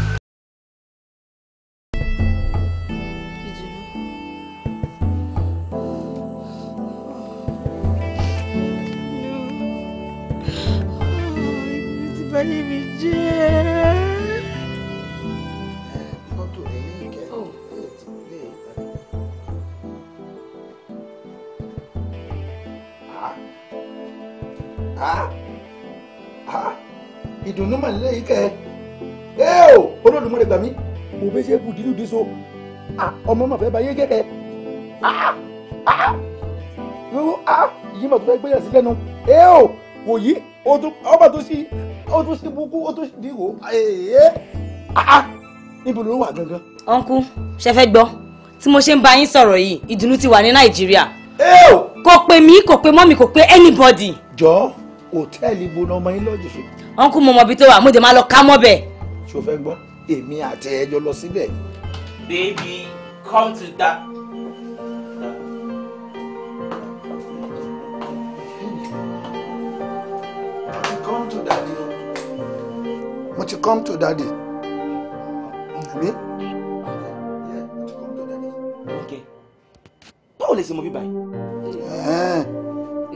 òbẹ́sẹ̀ kù dídú dé so ọmọ mà fẹ́ bá yé gẹ́gẹ́ yóò yìí mà tó fẹ́ gbéyà sí lẹ́nu ẹ ò wò yí ọba tó sí o tún sí bukú ó tún di wò ẹ
níbo ló wà gangan. ọ̀nkú ṣe fẹ́ gbọ́ tí mo ṣe ń bá yín sọ̀rọ̀ yìí ìdùnnú ti wà ní nàìjíríà. kò pè mí kò pè mọ́mì kò pè anybody.
jọ òtẹ́ẹ̀lì gbóná ọmọ yín lọ́jọ́ ṣe.
ọ̀nkú mo mọ ibi tó wà mo dé máa lọ ká mọ́ bẹ́ẹ̀.
ṣo gbọ́ èmi àti ẹjọ́ lọ síbẹ̀. baby come to that.
come to daddy o. mo ti come to daddy.
àbí. báwo lè ṣe mọ bíbá yìí.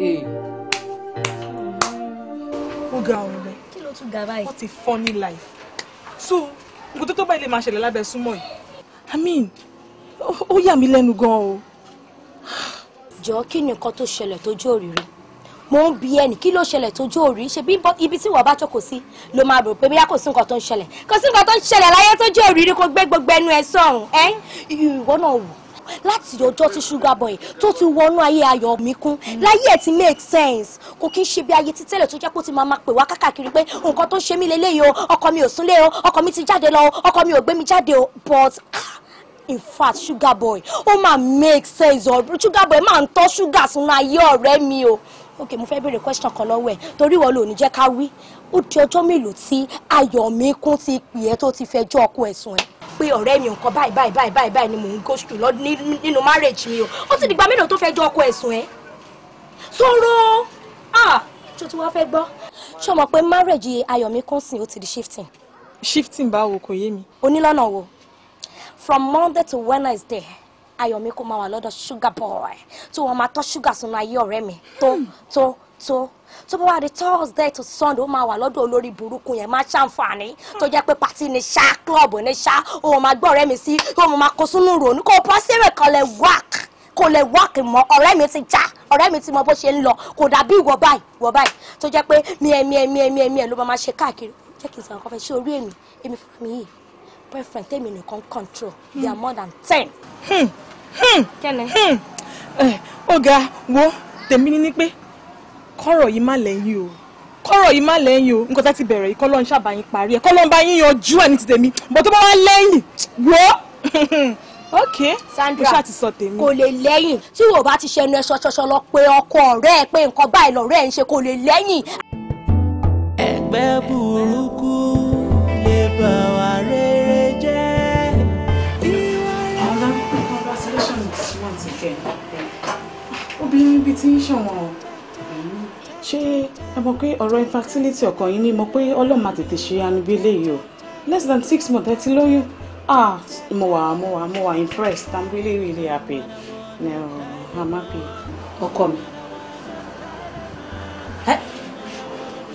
Eh. ó ga ọ̀rẹ́ kí ló tún ga báyìí. what a funny life. so nǹkan tó tó báyìí lè máa ṣẹlẹ̀ lábẹ́ súnmọ́ yìí. i mean ó yà mí lẹ́nu
gan o. jọ̀ọ́ kí ni nǹkan tó ṣẹlẹ̀ tójú òrìrì mo ń bi ẹnì kí ló ṣẹlẹ̀ tójú òrìrì ṣe bí ibi tí wọ́n bá jókòó sí ló máa rò pé bóyá kò sí nǹkan tó ń ṣẹlẹ̀ kò sí nǹkan tó ń ṣẹlẹ̀ láyé tójú òrìrì kò gbé gbogbo ẹnu ẹ sọ̀rùn ẹ ìwọ náà wò láti ọjọ́ tí sugar boy tó ti wọnú ayé ayọ̀ mi kún láyé ẹ̀ ti make sense kò kí n ṣe bí ayé ti tẹ́lẹ̀ tó jẹ́ pé ó ti máa máa pè wá kákàkiri pé nǹkan tó ń ṣe mí lélẹ́yìí o ọkọ mi ò súnlé o ọkọ mi ti jáde lọ o ọkọ mi ò gbé mi jáde o but ah, in fact sugar boy ó máa make sense ọ̀rọ̀ sugar boy máa ń tọ́ sugar sínú ayé ọ̀rẹ́ mi o ok mo fẹ́ béèrè question kan lọ́wọ́ ẹ̀ torí ìwọ ló ní jẹ́ ká wí ó di ọjọ́ mélòó tí Ayọ̀míkún ti pè ẹ́ tó ti fẹjọ́ ọkọ ẹ̀sùn ẹ̀ pé ọ̀rẹ́ mi nǹkan báyìí báyìí báyìí báyìí báyìí ni mò ń go through lọ nínú marriage mi o ó ti dìgbà mélòó tó fẹjọ́ ọkọ ẹ̀sùn ẹ̀ sọ̀rọ̀ ah tó ti wá fẹ́ gbọ́ ṣé o mọ̀ pé marriage Ayọ̀míkún sìn ó ti di shifting. shifting
báwo kò yé mi.
onílọ́nà wo from Monday to Wednesday Ayọ̀míkún máa wà lọ́dọ̀ sugar boy tó wọ́n máa tọ́ sugar sínú ayé ọ̀rẹ́ mi tó tó tó tó bá wà di thursday to sunday ó máa wà lọ́dọ̀ olórí burúkú yẹn máa ṣàǹfààní tó jẹ́ pé pàtí ni ṣá club ní ṣá òun máa gbọ́ ọ̀rẹ́ mi sí òun máa kó sínú ròónù kó bọ́ síbẹ̀ kan lè wák kó lè wák mọ́ ọ̀rẹ́ mi ti já ọ̀rẹ́ mi ti mọ bó ṣe ń lọ kò dàbí ìwọ báyìí ìwọ báyìí tó jẹ́ pé miẹ miẹ miẹ miẹ miẹ ló máa ṣe káàkiri jẹ́ kí n sọ̀rọ̀ kọfẹ́ ṣé orí èmi èmi fún mi yìí boyfriend tèmi nìkan control they are more than ten.
Hmm, hmm. kẹ́ni. ọ̀gá hmm. eh, wo tèmi ní ni pé kọ́rọ̀ yìí má lẹ́yìn o kọ́rọ̀ yìí má lẹ́yìn o nǹkan tá ti bẹ̀rẹ̀ yìí kọ́lọ́ ń parí ẹ̀ kọ́lọ́ bá yín yanjú ẹ̀ ní ti tèmi bó tó bá wá lẹ́yìn wò ó ok Sandra
kò lè lẹ́yìn tí wò bá ti ṣẹnu ẹ ṣọṣọṣọ lọ pé ọkọ ọ̀rẹ́ ẹ pé nǹkan báyìí lọ̀rẹ́ ẹ ń ṣe kò lè lẹ́yìn.
ẹgbẹ́ burúkú lè bá wa rere jẹ́. ọ̀la congratulations once again
obìnrin bíi ti ń ṣọ̀wọ́n ṣé ẹ mọ̀ pé ọ̀rọ̀ infertility ọkàn yín ni mo pé ọlọ́run máa tètè ṣe àánú bí eléyìí o less than six months ẹ ti lóyún ah mo wà mo wà mo wà impressed i'm really really happy no, i'm happy ọkọ mi.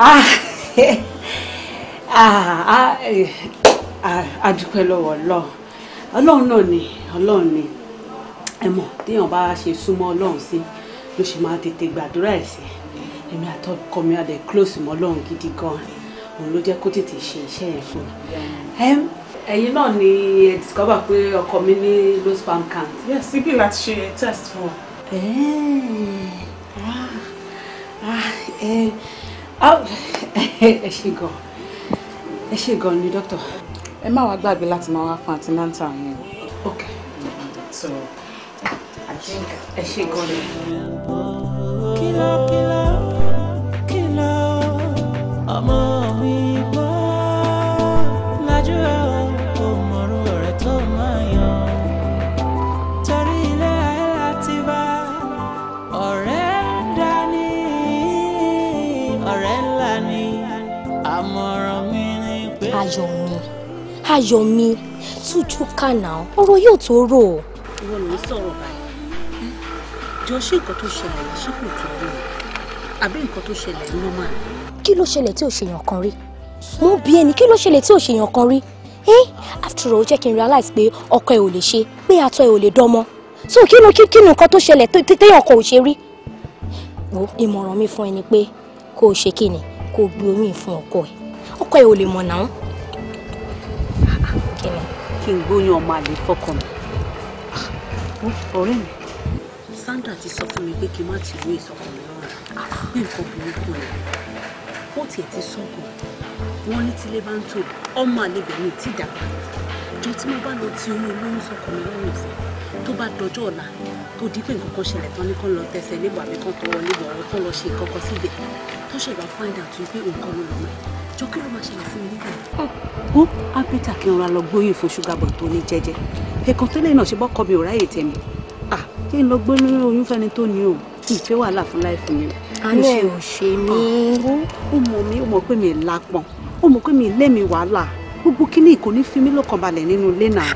adúpẹ́ ah,
ah, ah, eh, lọ́wọ́ ọlọ́run ọlọ́run náà ni ọlọ́run ni ẹ mọ̀ téèyàn bá ṣe súnmọ́ ọlọ́run sí ló ṣe máa tètè gbàdúrà ẹ̀ èmi àtọkọ mi adẹ close mọ́ Ọlọ́run gidi gan òun ló jẹ́ kó tètè ṣe iṣẹ́ yẹn fún
mi.
ẹ̀yin náà ni ẹ discover pé ọkọ mi ní low sperm count. yes síbí láti ṣe test fún ọ. Ah, ah, ẹ ah, ṣe gan ẹ ṣe gan ni doctor. ẹ má wá gbàgbé láti máa wá fún àtìláńtà yẹn. ok mm-hmm. so i think ẹ ṣe gan ni.
Fáyọmí tújú kànáà ọ̀rọ̀ yóò tó rò.
ìwọ ló ń sọ̀rọ̀ báyìí jọ ṣé nǹkan tó ṣẹlẹ̀ yìí ṣé kò tó rò àbí nǹkan tó ṣẹlẹ̀ yìí ló máa.
kí ló ṣẹlẹ̀ tí ò ṣèyàn kan rí mo bí ẹni kí ló ṣẹlẹ̀ tí ò ṣèyàn kan rí eh after all jẹ́ kí n realize pé ọkọ ẹ ò lè ṣe pé atọ́ ẹ ò lè dánmọ́ so kí ló kí ni nǹkan tó ṣẹlẹ̀ téèyàn kan ò ṣe rí. wo ìmọ̀ràn mi fún ẹni pé kó o ṣe kí ni kó o gbé omi fún ọkọ ẹ ọkọ ẹ ò lè mọ̀ náà
kí n gbóyún ọmọ àlè fọkàn mi. Ah, ọ̀rẹ́ mi Sandra ti sọ fún mi pé kí n má ti wé ìsọkàn mi lọ́rùn ah, bí nǹkan burúkú rẹ̀ ó tiẹ̀ ti sọ́kàn wọ́n ní tílé bá ń tò ọmọ àlè bẹ̀rẹ̀ ti dàgbà ìjọ tí mo bá lọ ti oyún olóyún sọkàn mi lọ́rùn sí tó bá dọjọ́ ọ̀la tó di pé nǹkan kan ṣẹlẹ̀ tán ní kán lọ tẹsẹ̀ nígbà mi kán tọwọ́ nígbà ọ̀rọ̀ kán lọ ṣe nǹkan síbẹ̀ tó ṣẹ̀dá find out wípé òǹkọ́ ló lọ́mọ jọ kí ló máa ṣẹlẹ̀ sí mi nígbà yẹn. ó á bẹ́tà kí n ra lọ gbóyè fún ṣúgà bọ̀ tó ní jẹ́jẹ́ ẹ̀kan tẹ́lẹ̀ náà ṣe bọ́ kọ́ mi ò ráyè tẹ̀mí à kí n lọ gbé oyún fẹ́ni tó ní o ìfẹ́ wàhálà fún láì fún mi. alẹ́ ò ṣe mí. Ah, ó mọ̀ mí ó mọ̀ pé mi lápọn ó mọ̀ pé mi lẹ́mi wàhálà gbogbo kíní kò ní fi mí lọ́kànbalẹ̀ nínú ilé náà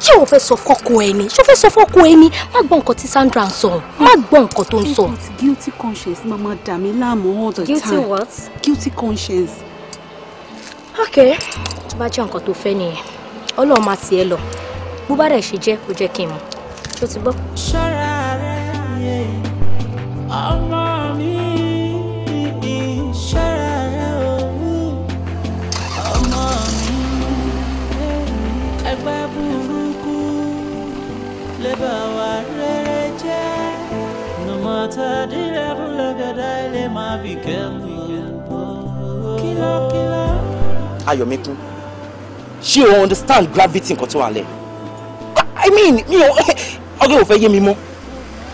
ṣé o fẹ́ sọ fọ́kọ ẹni ṣé o fẹ́ sọ fọ́kọ ẹni má gbọ́ nǹkan tí Sandra ń sọ má gbọ́ nǹkan tó ń sọ. guilty conscience máa ma dà mí láàmú all
the time guilty what?
guilty conscience
ok bá jẹ́ nǹkan tó fẹ́ nìyẹn ọlọ́run máa tiẹ̀ lọ bó bá dẹ̀ ṣe jẹ́ kó jẹ́ kí n mọ̀ ṣó ti gbọ́.
ayọ̀míkún she o understand gravity nǹkan tó wà lẹ̀ i mean mi ò ọgbẹ́ ò fẹ́ yé mi mọ́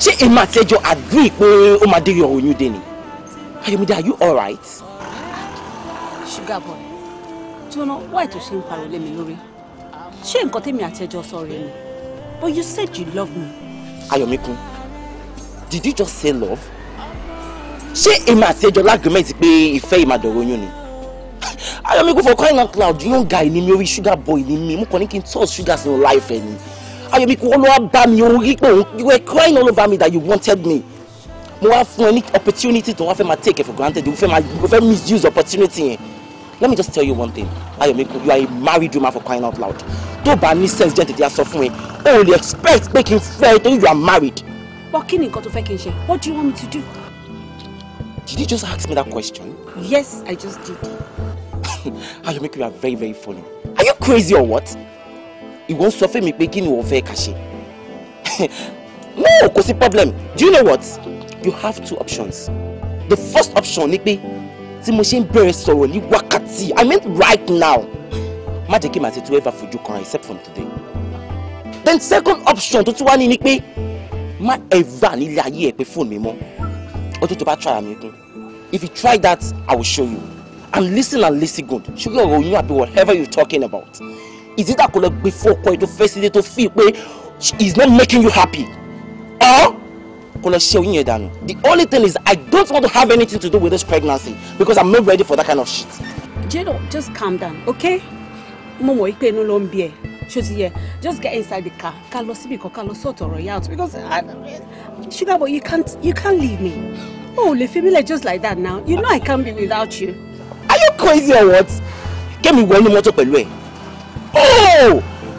ṣé èmi àti ẹjọ́ agree pé ó máa dé ìyọ̀rọ̀ oyún dé ni ayọ̀mídé are you alright.
sugar boy tí wọn náà wáì tó ṣe ń pariwo lé mi lórí ṣé nǹkan tèmi àti ẹjọ́ sọ ni but you said you love me.
ayọ̀míkún did you just say love ṣé èmi àti ẹjọ́ lágrímẹ̀tì pé ìfẹ́ ìmàdọ̀rọ̀ oyún ni. Ayọ̀míkún for crying out loud young guy ni mi orí sugar boy ni mi mo kàn ní kí n touch sugar sínú life ẹ ni Ayọ̀míkún olúwa bá mi orí pé òun you were crying all over me that you wanted me mo wá fún ẹ ní opportunity tó wá fẹ́ máa take it for granted o fẹ́ máa o fẹ́ misuse opportunity yẹn let me just tell you one thing Ayọ̀míkún you are a married woman for crying out loud tó bá ní sense jẹ́ tètè aṣọ fún ẹ o ò lè expect pé kí n fẹ́ ẹ torí you are married.
but kí ni nǹkan tó fẹ́ kí n ṣe what do you want me to do.
did you just ask me that question.
yes I just did.
Ayọ̀míkì you are very very funny are you crazy or what? Ìwọ ń sọ fún mi pé kí ni wọ́n ṣe? No kò sí problem do you know what? You have two options. The first option ni pé tí mo ṣe ń bẹ̀rẹ̀ sọ̀rọ̀ ní wákàtí I mean right now má jẹ́ kí màá ti tún ever fojú kan except from today. Then second option tó tún wá ní ni pé má ever nílé ayé ẹ pé fóònù mi mọ́ ọjọ́ tó bá try àmì kún if you try that I will show you and listen and listen good ṣùgbọ́n ọ̀rọ̀ oyún àbí whatever you talking about ìdídà kò lọ gbé fún ọkọ ẹ tó fẹ́ sílé tó fi pé he is not making you happy or kò lọ ṣe oyún yẹn dànù the only thing is I don't want to have anything to do with this pregnancy because I'm not ready for that kind of shit.
Jado just calm down okay mo mọ̀ pé inú ló ń bí ẹ ṣó yẹ just get inside the car ká lọ síbi kan ká lọ sọ̀tọ̀ ọ̀rọ̀ yá out because I, sugar boy you can't you can't leave me o oh, lè fi mí just like that now you know I can't be without you
crazy or what kémi wọ inú mọ́tò pẹ̀lú ẹ̀ oh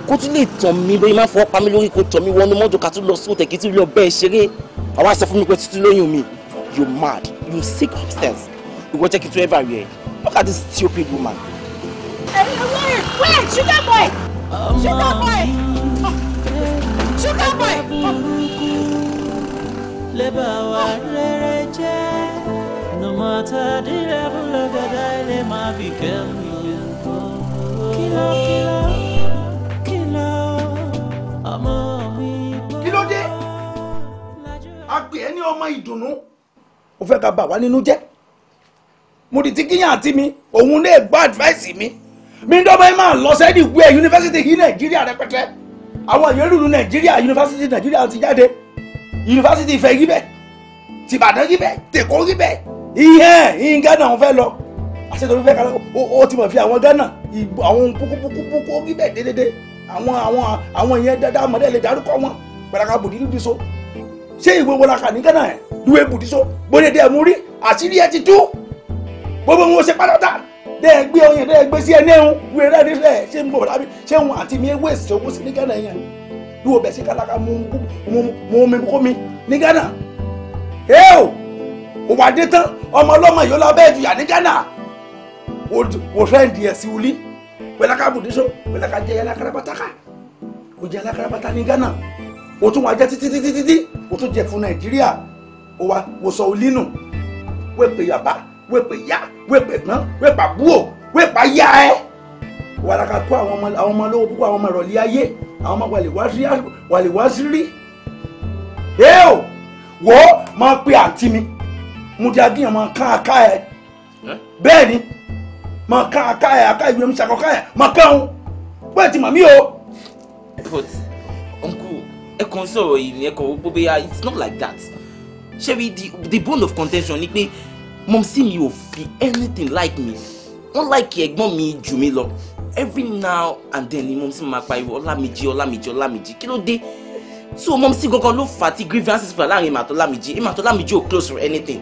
kó tún lè tàn mí lórí má fọwọ́ pa mí lórí kó tàn mí wọnú mọ́tò ká tún lọ sóò tẹ̀kí tún lọ bẹ́ẹ̀ ṣeré àwa sọ fún mi pé títí lóyún mi you mad you sick upstairs ìwọ jẹ́ kí tún ever rí ẹ look at this stupid woman. ẹ̀yin
wẹ́ẹ̀ wẹ́ẹ̀ sugar boy sugar boy sugar boy. lè bá wa rere jẹ́ matadile bulagadaile mavikemiyeko kila kila
kila ọmọ mi. kí ló a pè é ní ọmọ ìdùnnú ó fẹ́ ka bà wá nínú jẹ́ mo di ti kíyàn àti mi òun lè gbọ́ advice mi mi ń dọ́gba ẹ máa lọ sẹ́ẹ̀dì ìwé university yìí nàìjíríà rẹpẹtẹ àwọn ìyẹ́rùlù nàìjíríà yunifásitì nàìjíríà ti jáde yunifásitì Ifẹ̀ yí bẹ́ẹ̀ tìbàdàn yí bẹ́ẹ̀ tèkó yí ìyẹn ìyìn Ghana òun fẹ́ lọ àṣetòrí fẹ́ kálọ́ ó ti mọ̀ fi àwọn Ghana àwọn pukupukupuku bíbẹ̀ dédédé àwọn àwọn àwọn ìyẹn dáadáa mọ̀dẹ́ lè dárúkọ wọn gbàdàkà bòdì dúdú so ṣé ìwé wọn la kà ní Ghana ẹ̀ dúwé bòdì so gbòdèdè ẹ̀ mú rí àṣírí ẹ ti tú gbogbo wọn ṣe pátá dẹ́ẹ̀ gbé ọyàn dẹ́ẹ̀ gbé sí ẹ nẹ́hun wíwẹ́ rẹ̀ nífẹ̀ ṣé ń gbọ̀dọ̀ àbí ṣé ń àti mi ewé ìṣòwò sí ní Ghana yẹn dúró bẹ̀ sí kálákà mú mú mú mi kó mi ní Ghana kò wá dé tán ọmọ ọlọ́mọ yìí ó lọ bẹ́ẹ̀ jùyà ní Ghana wò fẹ́ǹdì ẹ̀ sí wuli pẹ̀láka bùdíṣọ́ pẹ̀láka jẹ́ alákarabátaka kò jẹ́ alákarabátá ní Ghana o tún wá jẹ́ títí títí títí o tún jẹ́ fún Nàìjíríà o wa wò sọ olí nù wẹ́pẹ̀ yàbá wẹ́pẹ̀ yá wẹ́pẹ̀ gbọ́n wẹ́pẹ̀ àbúrò wẹ́pẹ̀ yá ẹ́ wà láka kó àwọn ọmọ àwọn ọmọ lówó púpọ̀ àwọn ọmọ ìrọ̀lẹ́ ayé àwọn ọmọ wàlẹ̀ wá sí rí ẹ́ o wò máa pe àǹtí mi mo di agiyan máa kán aká ẹ bẹ́ẹ̀ ni máa kán aká ẹ aká ìwé mi ṣàkọ́ká ẹ máa kán o bẹ́ẹ̀ ti mà mí o. but uncle ẹ kàn yìí ni ẹ gbogbo bẹ́ẹ̀ it's not like that ṣebí the the bone of contention ni pé mọ̀mísí mi ò fi anything like me wọ́n like ẹ̀gbọ́n mi jù mí lọ every now and then ni mọ̀mísí mi máa pariwo ọlámìjì ọlámìjì ọlámìjì kí ló dé so mọ̀mísí gangan ló fà á tí grievances fà láàrin èmi àtọ́lámìjì èmi àtọ́lámìjì ò close for anything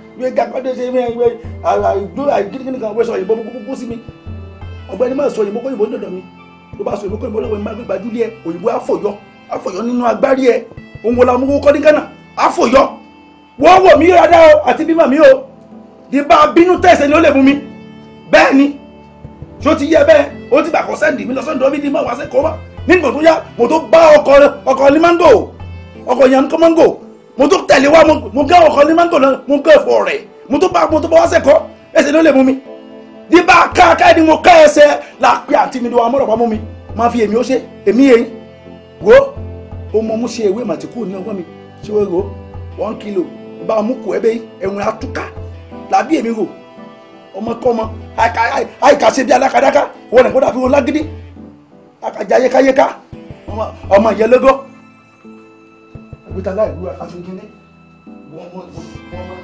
gbẹ̀gà kọ́dé ṣe gbẹ àìdó àìgídígídí kan wẹ́sọ̀ òyìnbó kúkú sí mi ọ̀gbẹ́ni máa sọ òyìnbó kóyìnbó ní ọ̀dọ̀ mi ló bá sọ òyìnbó kóyìnbó lọ́wọ́ mi máa gbégbá júlẹ̀ òyìnbó àfọ̀yọ́ àfọ̀yọ́ nínú agbárí ẹ̀ òun wo la mú kọ́ ní Ghana àfọ̀yọ́ wọ́n wò mí rárá o àti bímọ mi o ìbá bínú tẹ̀sẹ̀ ni ó lè mú mi bẹ́ẹ̀ ni ṣó ti yẹ bẹ́ẹ̀ ó ti gbà kọ́ sẹ́ndì mi lọ sọ́ndọ̀ mi ní mọ̀ wá sẹ́kọ̀ọ́ wá nígbà tó yá mo tó bá ọkọ̀ ọkọ̀ limango ọkọ̀ yankomango mo tó tẹ̀lé wá mo gé ọkọ ní mango náà mo gé ẹ̀fọ́ rẹ̀ mo tó bá mo tó bá wá sẹ́kọ́ ẹsẹ̀ ló lè mú mi ní bá a ká ká ẹni mo ká ẹsẹ̀ la pé àǹtí mi ni wàá mọ̀rọ̀ pa mú mi máa fi èmi ó ṣe èmi yẹn
wo ọmọ mo ṣe ìwé màtíkù ní ọgbọ́n mi ṣé wọ́n wo one kilo ìbá ọmú kù ẹbẹ ẹ̀wọ̀n atúkà làbí èmi rò ọmọ kọ́ ọmọ
àìkàṣe bí alákadáká wọn nìkan dàbí wọn lágídí àkàjà yékáyéká ọmọ ìyẹlógún òbí ta láì wúra aṣojú kíní wọ́n mọ́ wọ́n mọ́.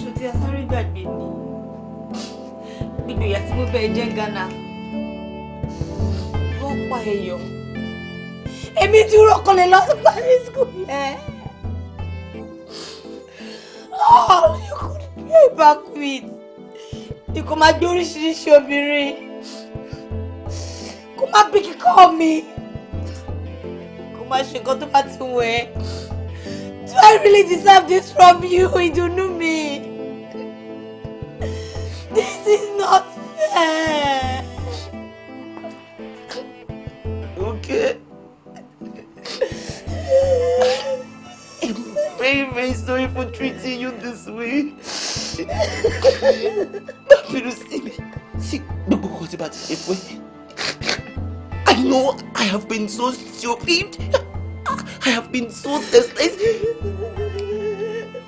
ṣòtí asáré gbàgbé ni gbogbo ìyá tí mo bẹ jẹ́ Ghana wọ́n pa èèyàn èmi school yẹn. Oh, ah, you could pay back with. You could make oríṣiríṣi obìnrin. Kó má bí kíkọ́ mi máa ṣe nǹkan do I really deserve this from you ìdùnnú mi
this is not fair.
okay. Baby, sorry for treating you this way. Bábìrù sí see sí gbogbo kan tí bá ti ṣe I know I have been so stupid. I have been so testless.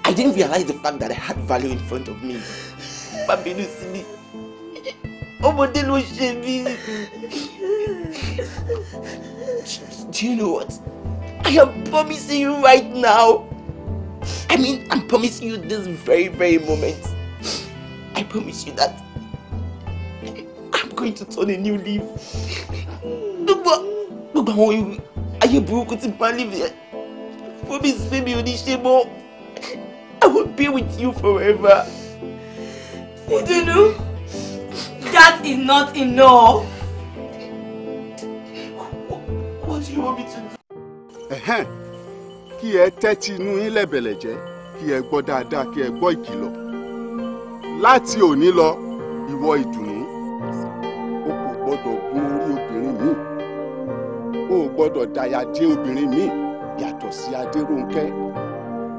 I didn't realize the fact that I had value in front of me. Babinu sí mi. Ọmọdé ló ṣe mí. Do you know what? I am promising you right now. I mean, I'm promising you this very, very moment. I promise you that I'm going to turn a new leaf gbogbo àwọn ayé burúkú ti máa live there promise pé mi ò ní ṣe mọ́ I will be with you forever. Idunu, that is not enough.
What do you want me to do? Ẹ̀hẹ́n, kí ẹ tẹ́tí inú yín lẹ́bẹ̀lẹ̀ jẹ́, kí ẹ gbọ́ dáadáa, kí ẹ gbọ́ ìkìlọ̀. Láti òní lọ, ìwọ ìdùnnú, o kò gbọ́dọ̀ o ò gbọ́dọ̀ dàyà dé obìnrin míì yàtọ̀ sí adéròǹkẹ́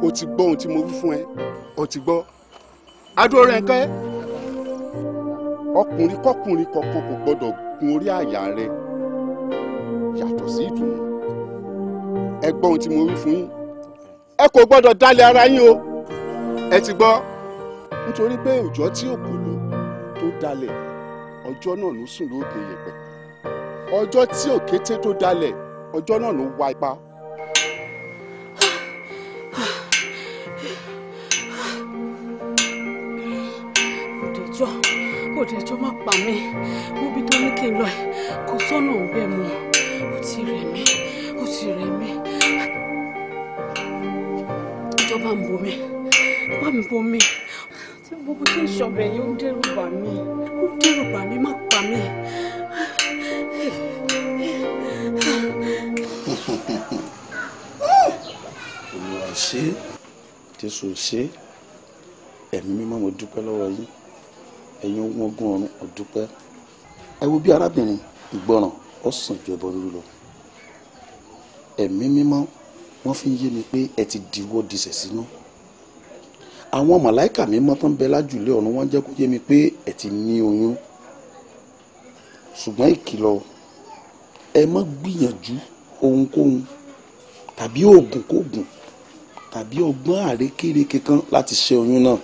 o ti gbọ́ ohun tí mo wí fún ẹ o ti gbọ́ adórẹ́ǹkẹ́ ọkùnrin kọkùnrin kọ̀ọ̀kan kò gbọ́dọ̀ gun orí àyà rẹ yàtọ̀ sí ìdùnnú ẹ gbọ́ ohun tí mo wí fún yín ẹ kò gbọ́dọ̀ dalẹ̀ ara yín o ẹ ti gbọ́ nítorí pé òjò tí òkú lu tó dalẹ̀ ọjọ́ náà ló sùn lóògùn yẹ̀pẹ̀ ọjọ́ tí òkété tó dalẹ̀ ọjọ́ náà ló wá ipa.
òdèjọ́ òdèjọ́ má pa mí mo tó ní kí n lọ ẹ̀ kò sọ́nà ń bẹ̀ ó ti rẹ̀ mí ó ti rẹ̀ mí ìjọba ń bomi bá mi bomi tí mo bó ń ṣọbẹ̀ yìí ó dẹ́rù bà mí ó dẹ́rù bà mí má pa mí.
ò ṣe é jésù ò ṣe é ẹ̀mí mímọ́ mo dúpẹ́ lọ́wọ́ yín ẹ̀yin ogun ogun ọ̀run ò dúpẹ́ ẹ wo bí arábìnrin ìgbọràn ó sàn ju ẹbọ rírú lọ ẹ̀mí mímọ́ wọ́n fi ń yé mi pé ẹ ti diwọ́ disẹ̀ sínú àwọn màláìkà mímọ́ tó ń bẹ lájùlé ọ̀run wọ́n jẹ́ kó yé mi pé ẹ ti ní oyún ṣùgbọ́n ìkìlọ̀ ẹ má gbìyànjú ohunkóhun tàbí oògùn kóògùn tàbí ọgbọ́n àrékérekè kan láti ṣe oyún náà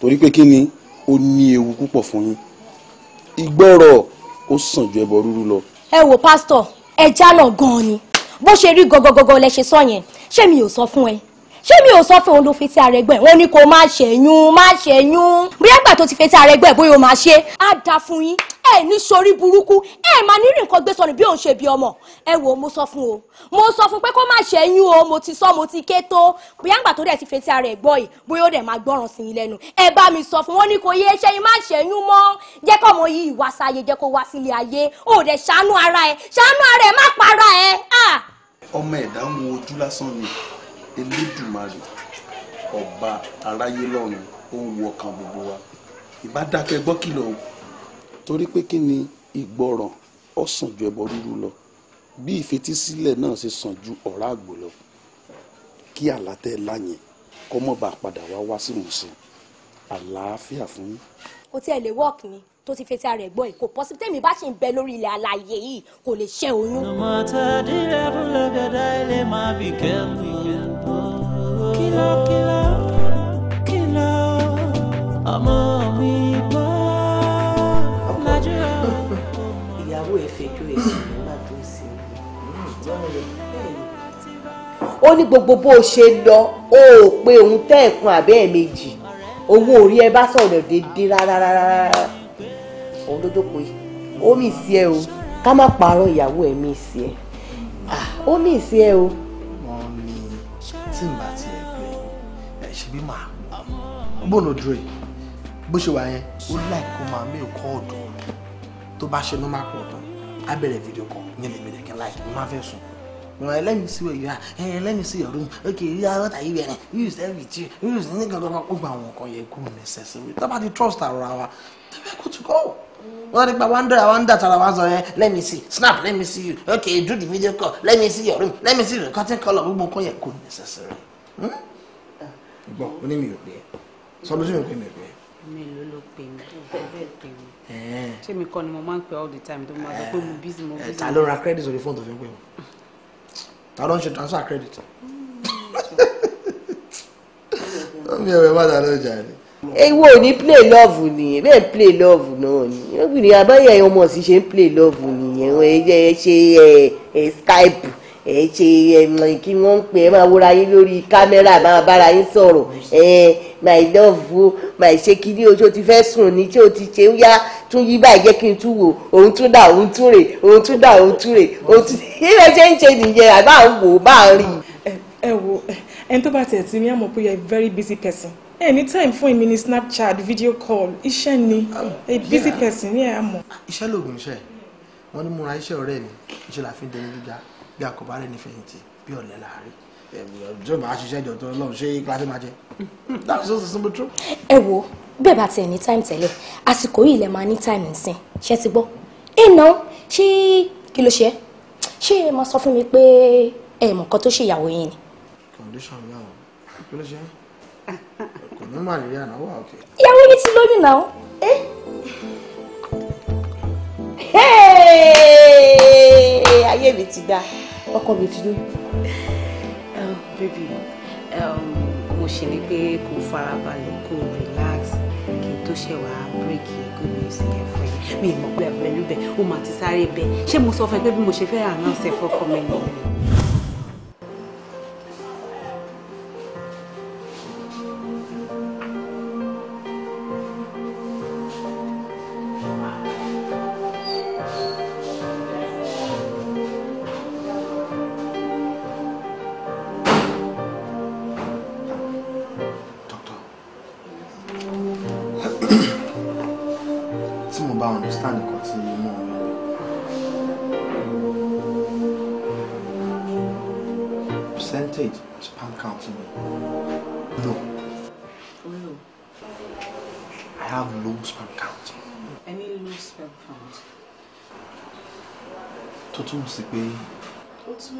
torí pé kí ni ó ní ewu púpọ̀ fún yín ìgbọ́rọ̀ ó sàn ju ẹbọ rúrú lọ.
ẹ wo pásítọ̀ ẹ jálọ gan-an ni bó ṣe rí gọgọgọgọ lẹ ṣe sọ yẹn ṣé mi ò sọ fún ẹ ṣé mi ò sọ fún òun ló fi ti àrẹ̀gbẹ́ wọn ni kò má ṣẹ̀yún má ṣẹ̀yún bóyá ìgbà tó ti fi ti àrẹ̀gbẹ́ bóyá o máa ṣe á da fún yín ẹ ní sori burúkú ẹ má nírìn nǹkan gbé sọnù bí òun ṣe bí ọmọ ẹ wò mo sọ fún o mo sọ fún pé kó má ṣẹ̀yún o mo ti sọ mo ti ké tó bóyá ìgbà tó dẹ̀ ti fi ti àrẹ̀gbọ́ yìí bóyá ó dẹ̀ máa gbọ́ràn sí i lẹ́nu ẹ bá mi sọ fún wọn ni kò yẹ ṣẹ́yìn má ṣẹ̀yún mọ́ jẹ́ kọ́ ọmọ yìí wá sáyé jẹ́ kó wá sílé ayé ó dẹ̀ ṣàánú ara ẹ ṣàánú ara ẹ má para ẹ.
ọmọ ẹ̀dá ń ojú lásán ni elédùmarè ọba aráyé lọ́run ó ń ọkàn gbogbo wa ìbá dákẹ́ gbọ́ kìlọ̀ o torí pé kí ni ìgbọràn ó sàn ju ẹbọ rúru lọ bí ìfetísílẹ̀ náà ṣe sàn ju ọ̀rá àgbò lọ kí àlátẹ́ láyẹn kọ́mọ́ bá padà wá wá sí ìmúṣẹ àlàáfíà fún yín.
o tiẹ̀ lè wọ́ọ̀kì mi tó ti fetí ara ẹ̀ gbọ́ èkó pọ́sí tèmi bá ṣe ń bẹ lórí ilẹ̀ alààyè yìí kò lè ṣẹ́ oyún. no
matter the level of your daily ma be careful. kìlọ̀ kìlọ̀ kìlọ̀ ọmọ mi bọ́ nàìjíríà. ìyàwó ẹ fẹjọ́ ẹ sí i má dúró sí i.
ó ní gbogbo bó o ṣe lọ ó ò pé òun tẹ́ ẹ̀kan àbẹ́ méjì òun ò ẹ bá sọ̀rọ̀ déédéé rárá rárá òun ló jókòó yìí ó mì sí ẹ o ká má parọ́ ìyàwó ẹ̀ mì sí ẹ ó mì sí ẹ o. wọn ní tí n bá tiẹ̀ gbé ẹ ṣe bí màá bó ló dúró yìí bó ṣe wà yẹn ó láì máa mí ò kọ́ ọ̀dọ́ tó bá ṣe normal call tán á bẹ̀rẹ̀ fídíò kan yẹn lè mẹ̀rẹ̀ láì mo fẹ́ sùn well, let me see where you are. Hey, let me see your room. Okay, yeah, what are you wearing? You use everything. You use nigga, go go go go go go go go go go go go go go go go go go go wọ́n nípa wọ́n dára wọ́n dàtara wọ́n sọ yẹn eh, let me see snap let me see you okay do the video call let me see your room let me see the curtain colour gbogbo nǹkan yẹn kò necessary. Hmm? gbọ́ ó ní mi ò pè é sọdún sí mi pé mi ò pè é. mi ló ló pè mí tó fẹ́ bẹ́ẹ̀ pè mí ṣé mi kọ́ ni mo máa ń pè all the time tó máa sọ pé mo busy mo busy. ta ló ra credit orí fóònù tó fi ń pè mí ta ló ń ṣe transfer credit. Hmm, ó mi ò wẹ̀ bá ta ló jà ewo ní play love nìyẹn bẹ́ẹ̀ play love náà ni obìnrin abáyẹ ọmọ sì ṣe ń play
love nìyẹn ẹ ṣe ẹ skype ẹ ṣe ẹ kí wọ́n ń pè é máa wúra yín lórí kámẹ́rà máa bára yín sọ̀rọ̀ ẹ my love o my ṣe kíní o tí o ti fẹ́ sùn ní tí o ti ṣe ń yá tún yí báyìí jẹ́ kí n tún wò òun tún dà òun
tún rè òun tún dà òun tún rè òun tún yí ló ṣe ń ṣe nìyẹn àbá ń wò bá ń rí. ẹ wo ẹni tó bá tiẹ̀ ti ní àmọ́ pé you are a very busy person any time fún èmi ní snapchat video call iṣẹ́ ni ah, a busy person ní ẹ̀ mọ̀. iṣẹ́ lóògùn iṣẹ́ wọn ní múra iṣẹ́ ọ̀rẹ́ mi iṣẹ́ la fi ń dẹni gíga bí àkọ́bá rẹ̀ ní fẹ̀yìntì bí ọ̀lẹ́ láàárín ìjọba aṣiṣẹ́ ìjọ tó lọ́run ṣé kíláàsì máa jẹ that's just a simple truth. ẹ wo
bẹ́ẹ̀ bá tiẹ̀ ní time tẹ́lẹ̀ àsìkò yìí lẹ máa ní time nsìn ṣe ti gbọ́ ẹ nà ṣé kí ló ṣe é ṣé ẹ máa sọ fún mi pé ẹ mọ̀ nǹkan tó ṣèyàwó yín
ni. condition yà wọ́n kí ló ṣe é. kò ní màlẹ́ríà náà wà òkè.
ìyàwó mi ti lóyún náà. Eh? ayé mi ti dá
ọkọ mi ti lóyún.
Um, bébì um, mo ṣe ni pé kò farabalẹ̀ kò relax
kí n tó ṣe wá bírèkì good news yẹn fún yín mi ìmọ̀ pé àbẹ̀lú bẹ̀ ó máa ti sáré bẹ̀ ṣé mo sọ fún ẹ pé bí mo ṣe fẹ́ àná ṣe fọ́kọ mi nìyẹn.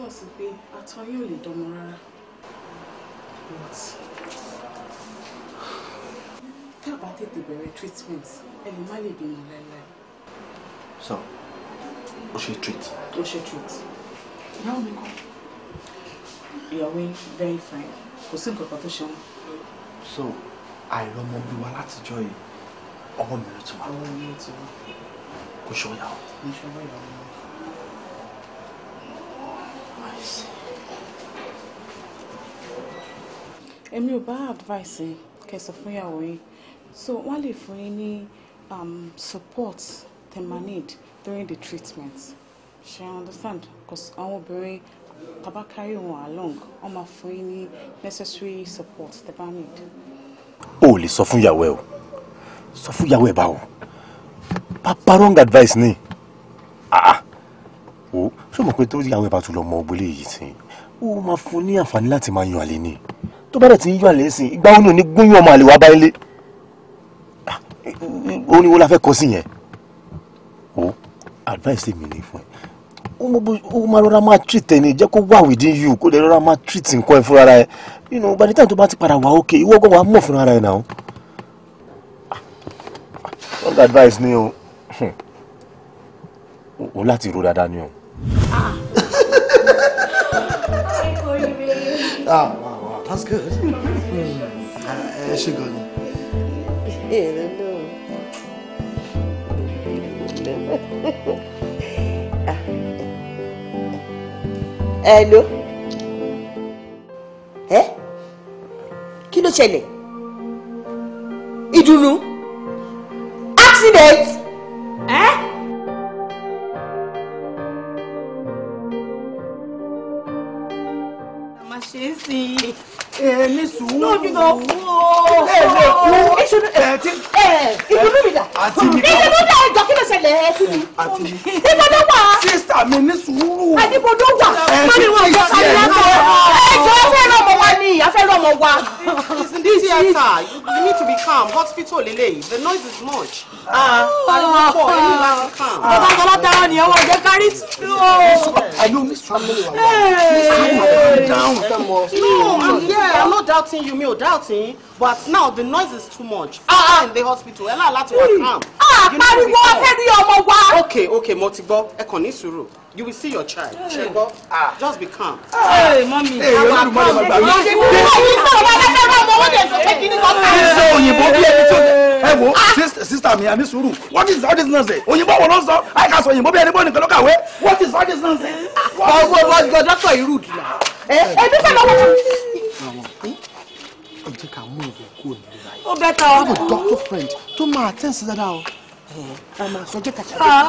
túmọ̀ sí pé àtọ̀ yóò lè dánmọ rárá. tá a bá tètè bẹ̀rẹ̀ treatment ẹ lè má lè bímọ láéláé. so o ṣe treat. o ṣe treat. ìyàwó mi kọ́. ìyàwó very fine kò sí nǹkan kan tó ṣe wọn. so àìrọ́mọ bí wa látijọ́ yìí ọwọ́ mi ló ti wá. ọwọ́ mi ló ti wá. kò ṣọyà o. kò ṣọyà o. èmi ò bá advice yín kẹsàn fún ìyàwó yín so wọ́n lè fún yín ní um, support need during the treatment ṣe i understand because àwọn obìnrin kaba carry wọn along wọ́n máa fún yín ní necessary support temanid.
o ò lè sọ fún ìyàwó ẹ o sọ fún ìyàwó ẹ báwo papa wrong advice ni o ah, ah. ṣé o mọ̀ pé tó ìyàwó ẹ bá tún lọ mọ ògbélé yìí sí i
ó máa fún un ní
àǹfààní láti máa yan àlè ni tó bá dẹ̀ ti ń yọ àlẹ́ sí ìgbà wo ni òní gúnyún ọmọ àlè wá bá ilé òun ni wọ́n la fẹ́ kọ́ sí yẹn o advice mi ni fún ẹ o máa rọra máa treat ẹni jẹ́ kó wà within you kó lè rọra máa treat nǹkan ẹ fúnra ẹ nínú bani táyà tó bá ti padà wà ókè ìwọ gan wà mọ̀ fúnra ẹ náà long ah, advice ni hmm. o o láti ro dáadáa ni o.
ah. That's good. Ẹ ṣe gan ni. Hello. Eh? kí ló ṣẹlẹ̀?
Ìdùnnú. Accident. Eh?
é sí i ẹ ní sùúrù. lójú lọ
wó. ẹ lè kú. ìṣòro
ẹ ti. ẹ ìdùnnú mi dà. àti mi kọ́. ìdùnnú dà ẹjọ́ kí ló ṣẹlẹ̀ ẹ eh, sí mi. àti mi. ibo ló wà. sísà mi ní sùúrù. àdìbò ló wà. ẹ ti kí sí ẹ ní sọ. ẹjọ́ afẹ́rẹ́ ọmọ wa ni afẹ́rẹ́ ọmọ wa. it's in the theatre you need to be calm hospital lélẹ́yìí the noise is much. pariwo ah. ah, pọ̀ ẹ ní láti calm. bàbá tọ́lá tara ni ẹwọ́n jẹ́ kárí tú o. are you miss family wa wa miss family wa wa down. no i'm here yeah i'm not doubting you me. ò doubting but now the noise is too much. ah in the hospital ẹ náà láti wà come. ah pariwo afẹ́rí ọmọ wa. okay okay mo ti gbọ́ ẹ kàn ní sùúrù you will see your child. ṣe gbọ́ just be calm. Hey, mọ́mí àwọn àpò ọmọ ìgbà mi. ìṣòyìnbó ọba lẹ́gbẹ̀rún ọmọ owó dẹ̀ sọ pé kí ni kò tó. ìṣòyìnbó bí ẹni tó ẹ wo sista mi àmì sùúrù what is all this nonsense òyìnbó wo ló so sọ àìkà sọ òyìnbó bí ẹni bó nìkan ló kàwé what is all this nonsense. ọwọ́ ọgbọ́n dọ́tọ̀ irú dùnà. ẹ ẹ bí sọ́dọ̀ wọ́n jẹ́ ká mú ìwọ kúrò nílé báyìí. ó bẹ́ ta ọ. have a doctor friend tó máa attend sí dáadáa o ẹ máa sọ jẹ́ ká Ah.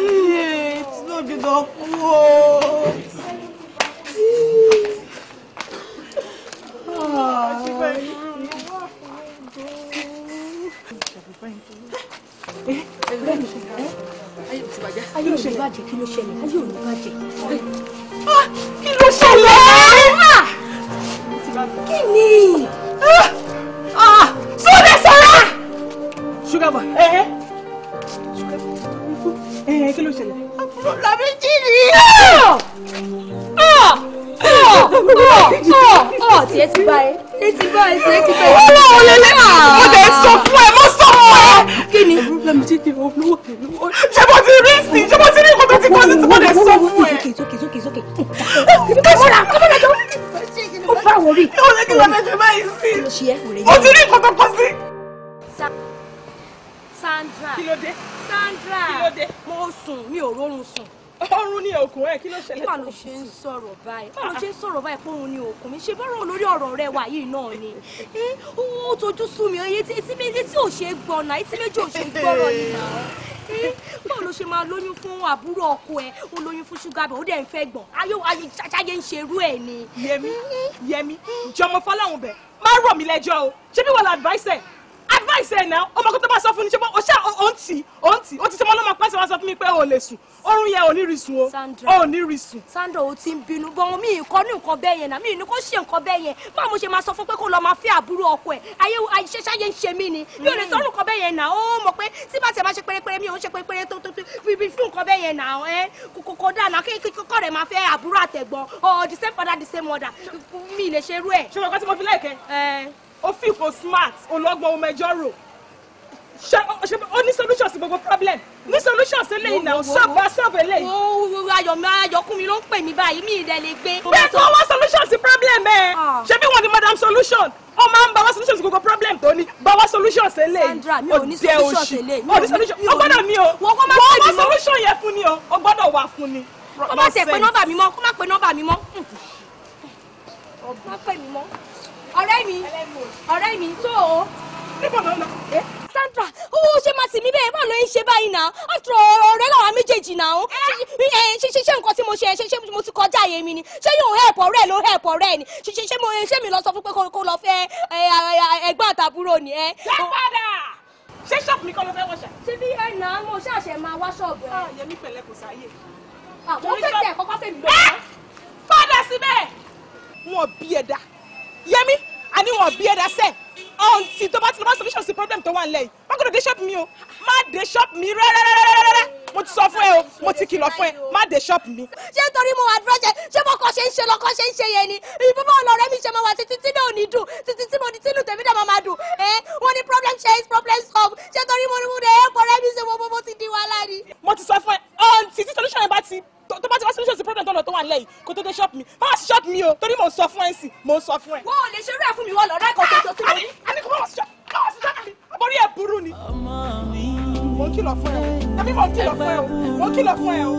iye tí ló gbẹdọ̀ kú
Ah. ayé ò ní bàjẹ́ kí
ló ṣẹlẹ̀ ayé ah, ò ní
bàjẹ́. kí ló ṣẹlẹ̀. Ah! kí ni
sódà sara. ṣúgà bọ̀ ẹ ẹ ṣúgà ẹ ẹ kí ló ṣẹlẹ̀. lọ́bí jí ni.
tiẹ̀ ti bá ẹ tiẹ̀ ti bá ẹ tiẹ̀ ti bá ẹ. wọ́n wà ó lélẹ̀ mo lè sọ fún ẹ mo sọ fún ẹ. kí ni lọ́mí jí ni olówó olówó.
ṣé mo ti rí sí ṣé mo ti rí nǹkan tó ti kọ́ sí tí mo lè sọ
fún ẹ. sókè sókè sókè ó fà wọ́n rí. ó lè kí lọ́dẹ ṣe báyìí sí i. mo ti rí nǹkan tó kọ sí. Sandra kí ló dé. Sandra kí ló dé. mo sùn mi ò rórun sùn ọrùn ní okùn ẹ kí ló ṣẹlẹ̀. báwo ló ṣe ń sọ̀rọ̀ báyìí báwo ló ṣe ń sọ̀rọ̀ báyìí fóun ní okùn mi ṣe bọ́rọ̀ olórí ọ̀rọ̀ rẹ wà yìí náà ni. ó tójú sú mi etí méjì tí ò ṣe gbọ́n náà etí méjì ò ṣe gbọ́rọ̀ nìyà. báwo ló ṣe máa lóyún fún àbúrò ọkọ ẹ ó lóyún fún ṣúgà bẹ ó dẹ̀ ń fẹ́ gbọ̀n ayé ayé
ṣáṣáyé ń ṣe irú ẹ̀ ni. yẹmi yẹmi jọmọ fọláhùn bẹ má rọ mi lẹ́jọ́ o ṣé bí wọn là advice ẹ advice ẹ̀ náà ọmọ kó tó bá sọ fún mi ṣé bó ṣá òun tì òun tì ó ti ṣe mọ́ lọ́mọ pẹ́sẹ̀ wá sọ fún mi pé o lè sùn oorun yẹn ò ní rí sùn o ò ní rí sùn. Sandra o ti
ń bínú bọ́n mi ìkọ́ ní nǹkan bẹ́ẹ̀ yẹn náà mi ìní kó ṣe nǹkan bẹ́ẹ̀ yẹn báwo mo ṣe máa sọ fún pé kó lọ́ọ́ máa fẹ́ àbúrò ọkọ ẹ̀ ayé àìṣe ṣáyé ń ṣe mí ni mi ò lè sọ mm-hmm. nǹkan bẹ́ẹ̀ yẹn náà ó mọ̀ pé tí bá ti ẹ̀ bá ṣe pérépéré mi ò ń ṣe pérépéré tó tó bíbí fún nǹkan bẹ́ẹ̀ yẹn náà ẹ kò dáa náà kí kọ́ rẹ̀ máa fẹ́ àbúrò àtẹ̀gbọ́n ọ̀ the same father the same mother mi ì o fi
ko smart ọlọ́gbọ́n o mẹjọ rò o ní solution sí gbogbo problem ní solution sí eléyìí náà sọ́ọ̀bù sọ́ọ̀bù eléyìí. o wo ayọ̀mọ ayọ̀kùnmi ló ń pè mí báyìí mi
ìdẹ lè gbé. bẹ́ẹ̀ kó wá
solution sí problem ẹ̀ ah. ṣé bí wọ́n ní madam solution ó máa ń bá wá solution sí gbogbo problem tó ní bá wá solution sí eléyìí. Sandra mi ò ní solution sí eléyìí. o ní solution o gbọ́dọ̀ solution yẹn fún ni o o gbọ́dọ̀ wà fún ni. kó má tẹ̀ pé nọ́mbà mi mọ́ kó
má pè nọ́mbà mi mọ́ ọ̀rẹ́ mi ọ̀rẹ́ mi tó o. níbo ló ń lọ. Sandra ó ṣe máa tì mí bẹ́ẹ̀ báwo ló ń ṣe báyìí náà àtúrò ọ̀rẹ́ làwọn méjèèjì náà eh, eh, ṣe ṣe ṣe nǹkan tí mo ṣe ṣe ṣe mo ti kọjá àyè mi ni ṣé yóò help ọ̀rẹ́ ló help ọ̀rẹ́ ni ṣe ṣe mo ṣe mi lọ sọ fún pé kó lọ fẹ́ eh, ẹgbẹ́ àtàbúrò ni ẹ. ṣé padà ṣé ṣọ́ọ̀bù mi kọ́ ló fẹ́ wọ̀ṣà. ṣé bí ẹ̀ náà mo ṣàṣẹ máa wá ṣọ́ọ̀bù ẹ̀. yẹmi pẹ̀lẹ́ kò sáyè. àwọn ah, fẹsẹ̀ kọ́kọ́ fẹ́ mi lọ.
padà síbẹ̀. wọn bí ẹ dáa yẹmi àní wọn bí ẹdá sẹ ọǹtì tó bá ti lọ bá solution sí problem tó wà ń lẹ yìí má gbọ́dọ̀ dé shop mi o má dé shop mi rẹrẹrẹrẹrẹ mo ti sọ fún ẹ o mo ti kìlọ̀ fún ẹ má dé shop mi. ṣé torí mo wà dúró jẹ ṣé
mo kàn ṣe ń ṣe lọkọ ṣe ń ṣe yẹn ni ìbúbọ ọlọrẹ mi ṣe máa wà títí tí náà ò ní dùn títí tí mo ní tínú tèmi náà máa dùn ẹ wọn ní problem share is problem solve ṣé torí mo ní mo dé ẹ pọrẹ mi ṣe mo mo ti di wàhálà ni.
mo ti sọ fún ẹ ọǹtì tí solution yẹn bá ti tó bá ti wá solution sí problem tó lọ tó wà ń lẹ yìí kó tó dé shop mi má wá sí shop mi o torí mo sọ fún ẹ sí mo sọ fún ẹ. wọ́n ò lè ṣerú ẹ̀ fún mi wọ́n lọ rẹ́ kan tuntun tí mo ní. a ní kò máa ṣiṣẹ́ máa ṣiṣẹ́ mi àbórí ẹ̀ burú ni. mo kìlọ̀ fún ẹ o
àbí mo kìlọ̀ fún ẹ o mo kìlọ̀ fún ẹ o.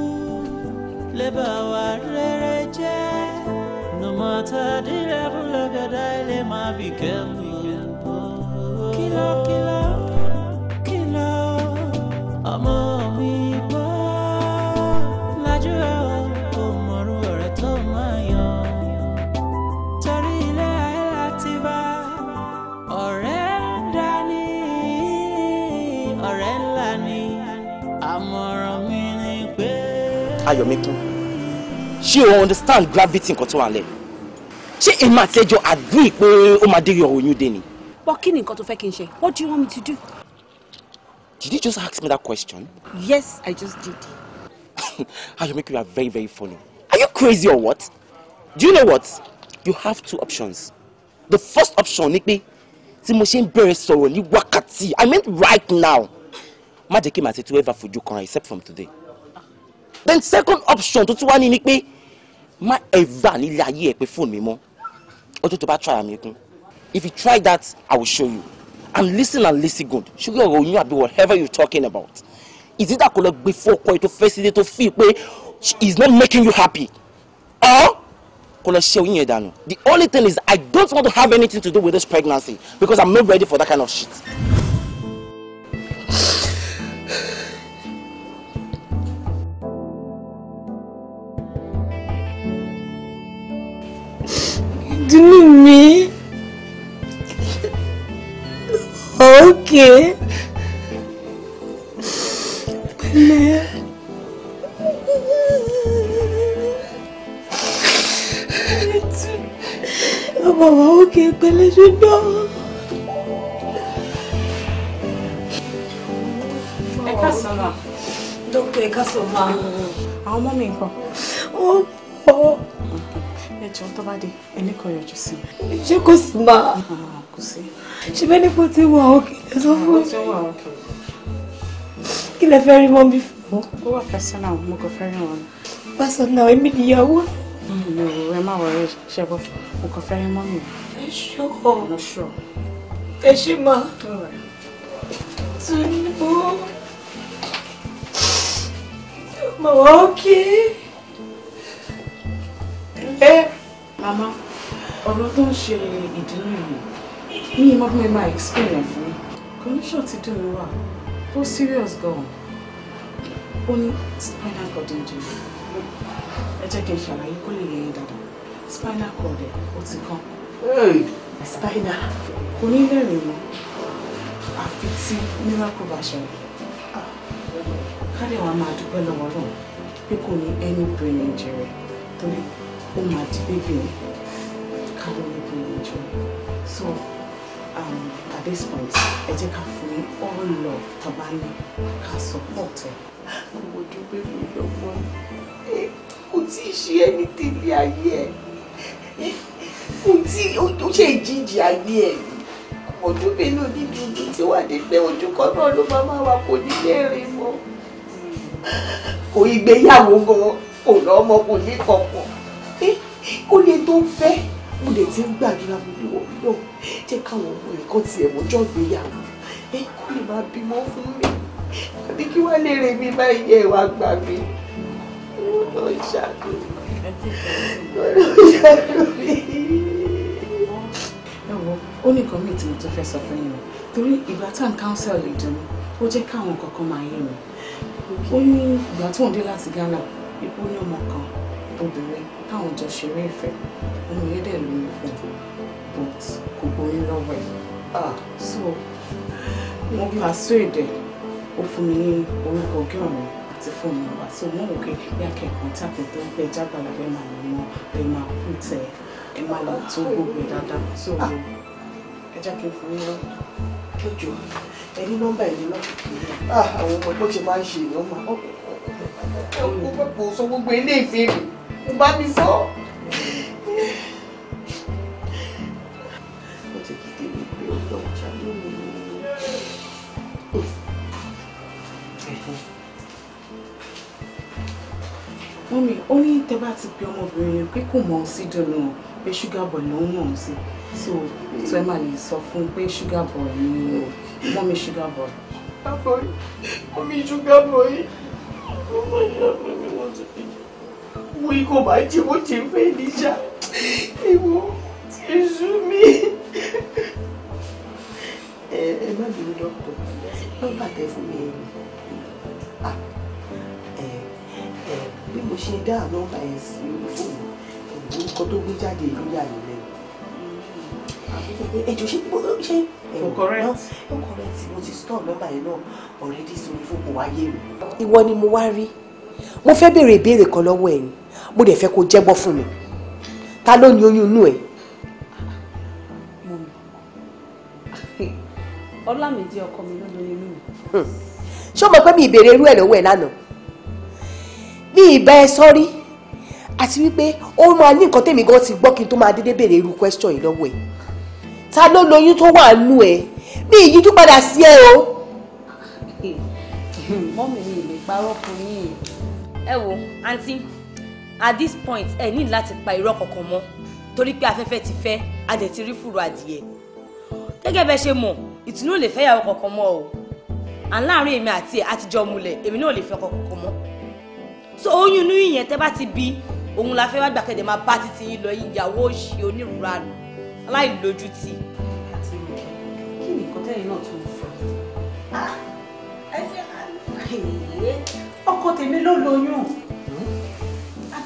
lè bá wa rere jẹ́ no matter the level of your day lè má bí kìlọ̀ kìlọ̀.
ayọ̀míkún ṣé o understand gravity nǹkan tó wà lẹ̀ ṣé èmi àti ẹjọ́ agree pé ó máa dérí ọ̀rọ̀ oyún dé ni. but kí ni nǹkan tó fẹ́ kí n ṣe what do you want me to do. did you just ask me that question. yes i just did. ayọ̀míkún you are very very funny are you crazy or what do you know what you have two options the first option ni pé tí mo ṣe ń bẹ̀rẹ̀ sọ̀rọ̀ ní wákàtí i mean right now má jẹ́ kí màá ti tún ever fojú kan except from today then second option tó tún wá ní ni pé má ever nílé ayé ẹ pé fóònù mi mọ́ ọjọ́ tó bá try àmì kún if you try that i will show you and listen and listen good ṣùgbọ́n ọ̀rọ̀ oyún àbí whatever you talking about ìdídà kò lọ gbé fún ọkọ ẹ tó fẹ́ sílé tó fi pé he is not making you happy or kò lọ ṣe oyún yẹn dànù the only thing is i don't want to have anything to do with this pregnancy because i'm not ready for that kind of shit.
dùnú mi òkè pẹ̀lẹ́. ọmọ wa òkè pẹ̀lẹ́ ṣùgbọ́n.
ẹ ká sọ ma
dókítà ẹ ká sọ ma àwọn ọmọ mi nǹkan ẹjọ́ tó bá dé ẹni kan sí ṣé kò sí máa. Ah, kò sí. ṣé bẹ́ẹ̀ nípa tí wà òkè lè sọ fún mi. kí lẹ fẹ́ rí mọ́ bí fún. ó wà pẹ́sọ́nà mo kò fẹ́ rí wọn. pẹ́sọ́nà èmi nìyàwó. Mm, ẹ má wọ̀rẹ́ ṣẹ́gbọ́n mo kò fẹ́ rí mọ́ mi. ẹ ṣọ́ ẹ ṣì máa. tún bó.
mo wà òkè
ẹ màmá ọ̀rọ̀ tó ń ṣe ìdínú yìí ní ìmọ̀ bí mo máa explain ẹ̀ fún yín condition ti dùn mí wá ó serious gan-an ó ní spinal cord injury ẹ jẹ́ kí n ṣàlàyé kó lè yẹ yín dáadáa spinal cord ẹ̀ ó ti kán. spinal kò ní lẹ́rìn mọ́ àfi tí miracle bá ṣẹlẹ̀ ah! kádẹ́wàá máa dúpẹ́ lọ́wọ́ náà pé kò ní any brain injury torí ó my di bébì mi ká ló so um, at this point I take her for ní all love tọ́ba ní ká support ẹ. mo dúpẹ́ mi lọ́wọ́ kò tí ì ṣe ẹni tẹ̀lé ayé ẹ̀ kò tí ó ṣe ìjìjì ayé ẹ̀ ojú mi ló ní dúdú tí wà nílé ojú kan náà ló máa máa wà kò ní lẹ́rìn mọ́ kò ìgbéyàwó gan kò lọ́mọ kò ní kankan ó lè tó ń fẹ́ mo lè ti ń gbàdúrà mo lè wọ̀n náà jẹ́ káwọn ọmọ ẹ̀kọ́ tiẹ̀ mọ́jọ́ ìgbéyàwó ẹ kó lè máa bímọ fún mi àbí kí wọ́n lè rè mí báyìí yẹ ìwà gbà mí lọ́nà ìṣàkó lọ́nà
ìṣàkó mi.
ẹ wo ó ní nǹkan míì tí mo tún fẹ́ sọ fún yín o torí ìgbà tá à ń káńsẹ̀l ìdùnnú ó jẹ́ káwọn kankan máa yé mi ó ní ìgbà tó ń dé láti Ghana ipò ní ọmọ kan obìnrin táwọn jọ ṣeré ìfẹ́ inú yẹn dẹ̀ lóyún fún but kò gbóyún lọ́wọ́ ẹ̀ so mo persuade ẹ̀ ó fún mi ní orúkọ girl mi àti fóònù nọ́mbà so mo wò pé bí akẹ́kọ̀ọ́ tàbí tó ń bẹ jábàlá bẹ́ẹ̀ máa lọ mọ́ bẹ́ẹ̀ máa kú tẹ ẹ máa lọ tó gbogbo dáadáa so ẹ jẹ́ kí n fún yín lọ́wọ́ lójú ẹni nọ́mbà ẹni náà àwọn ọmọ ẹgbẹ́ ti máa ń ṣe ìyọ́mà ọkọ̀ ọkọ̀ ọkọ̀ sọ gbogbo ilé ìfẹ́ mi kò bá mi sọ. mo ti kí tèmi pé ó lọ ọjà lónìí. mọ́mí ó ní tẹ́ bá ti pe ọmọbìnrin yẹn pé kò mọ̀ ọ́n sí dùnú pé ṣúgà bọ̀ ló ń mọ̀ ọ́n sí so tó ẹ máa lè sọ fún un pé ṣúgà bọ̀ ni mọ́mí ṣúgà bọ̀.
Bàbá ṣúgà bọ̀ yìí, ó máa ń mi wọ́n ti fi kú ikọ̀ máa jẹ́ bó ṣe fẹ́
níṣà ìwọ èṣù mi. ẹ ẹ má bínú dọ́kítọ̀ nọ́mbà tẹ fún mi ah, ẹ ẹ bí mo ṣe dá nọ́mbà yẹn sí fóònù orúkọ tó gbé jáde ló yà mí lẹ́nu. ẹjọ ṣe ṣe correct é mo ti store nọ́mbà yẹn náà already sórí fóònù wáyé mi. ìwọ ni mo wá rí mo fẹ́ béèrè ìbéèrè kan lọ́wọ́ ẹ̀yin mo dẹ̀ fẹ́ kó jẹ́gbọ́ fún mi ta ló ní oyún inú ẹ̀. ọlámìdí ọkọ mi ló lóyún inú mi. Hmm. ṣé o mọ̀ pé mi ìbéèrè irú ẹ̀ lọ́wọ́ ẹ̀ lánàá mi ìbá ẹ sọ́rí àti wípé ó máa ní nǹkan tèmi gan ti gbọ́ kí n tó máa dédé béèrè irú question yìí lọ́wọ́ ẹ̀ ta ló lóyún tó wà nú ẹ̀ mi ìyíjú padà sí ẹ o. mọ́mì mi ì lè parọ́ fún yín
ẹ wo àǹtí at this point ẹ ní láti pa irọ́ kankan mọ́ torí pé afẹ́fẹ́ ti fẹ́ a dẹ̀ ti rí fùrọ̀ adìyẹ gẹ́gẹ́ bẹ́ẹ̀ ṣe mọ̀ ìtùnú ò lè fẹ́ yàwó kankan mọ́ o à ń láàárín èmi àti ẹ̀ àtijọ́ mulẹ̀ èmi náà ò lè fẹ́ ọkọ kankan mọ́ so oyún inú yìnyẹn tẹ́ bá ti bí òun la fẹ́ wá gbàkẹ́dẹ̀ máa bá títí yín lọ ìyàwó òṣì onírúurú àná aláìlójútì. àti kí
ah, ọkọ tèmi ló lóyún.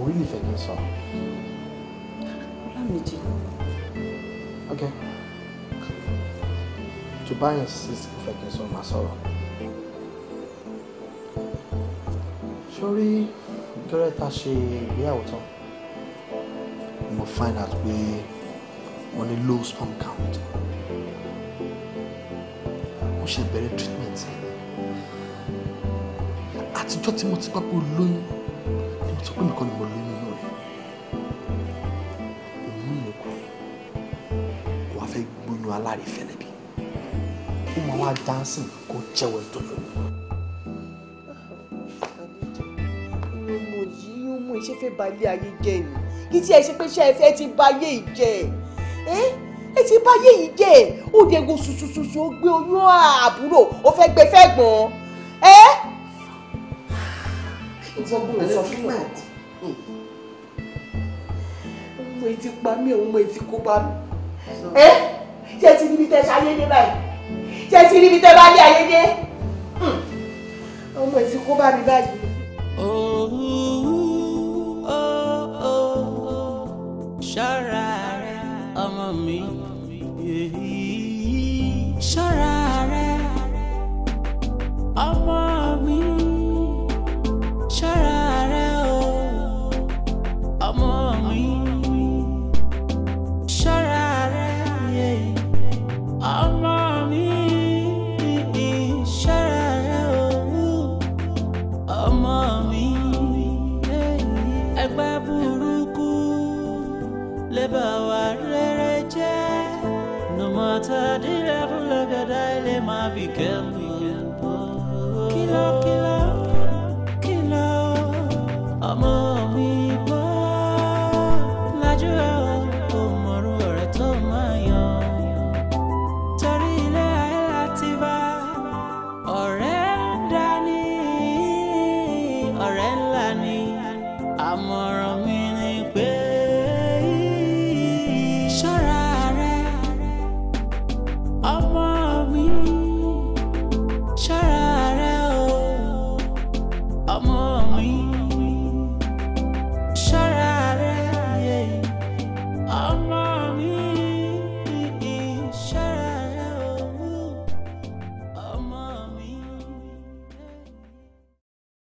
orí ìfẹ́ kì í sọ. Ọlámìjì. Okay. Tó bá yẹn sísè ìfẹ́ kì í sọ máa sọ̀rọ̀. Sórí gẹ́rẹ́ ta ṣe ìgbéyàwó tán, find out we wọ́n ní low sperm count.
Wọ́n ṣe bẹ̀rẹ̀ treatment.
Àtijọ́ tí mo ti pápá olóyún sọ pé nìkan ni mo lóyún inú rẹ̀ òun yẹn kù kò wá fẹ́ gbóyún aláàrẹ fẹ́lẹ́ bí ó máa wá dancing kó jẹ́wọ́ tó lóyún. ọmọ yìí ó mú iṣẹ́ fẹ́ ba ilé ayé jẹ́ ni kí tí ẹ ṣe pé ṣe ẹ fẹ́ ti ba ayé yìí jẹ́ ẹ ẹ ti ba ayé yìí jẹ́ ó yẹ kó susususu ó gbé oyún àbúrò ó fẹ́ gbé fẹ́ gbọ́n gbogbo ìsọ fún ẹ. ọmọ etí hmm. pa mí ọmọ etí kó pa mí. ẹ ṣé ti níbi tẹ ṣayé dé báyìí ṣé ti níbi tẹ bá dé ayé dé hmm. ọmọ etí kó bá mi báyìí.
ṣọ́ra rẹ ọmọ mi ṣọ́ra rẹ ọmọ. can't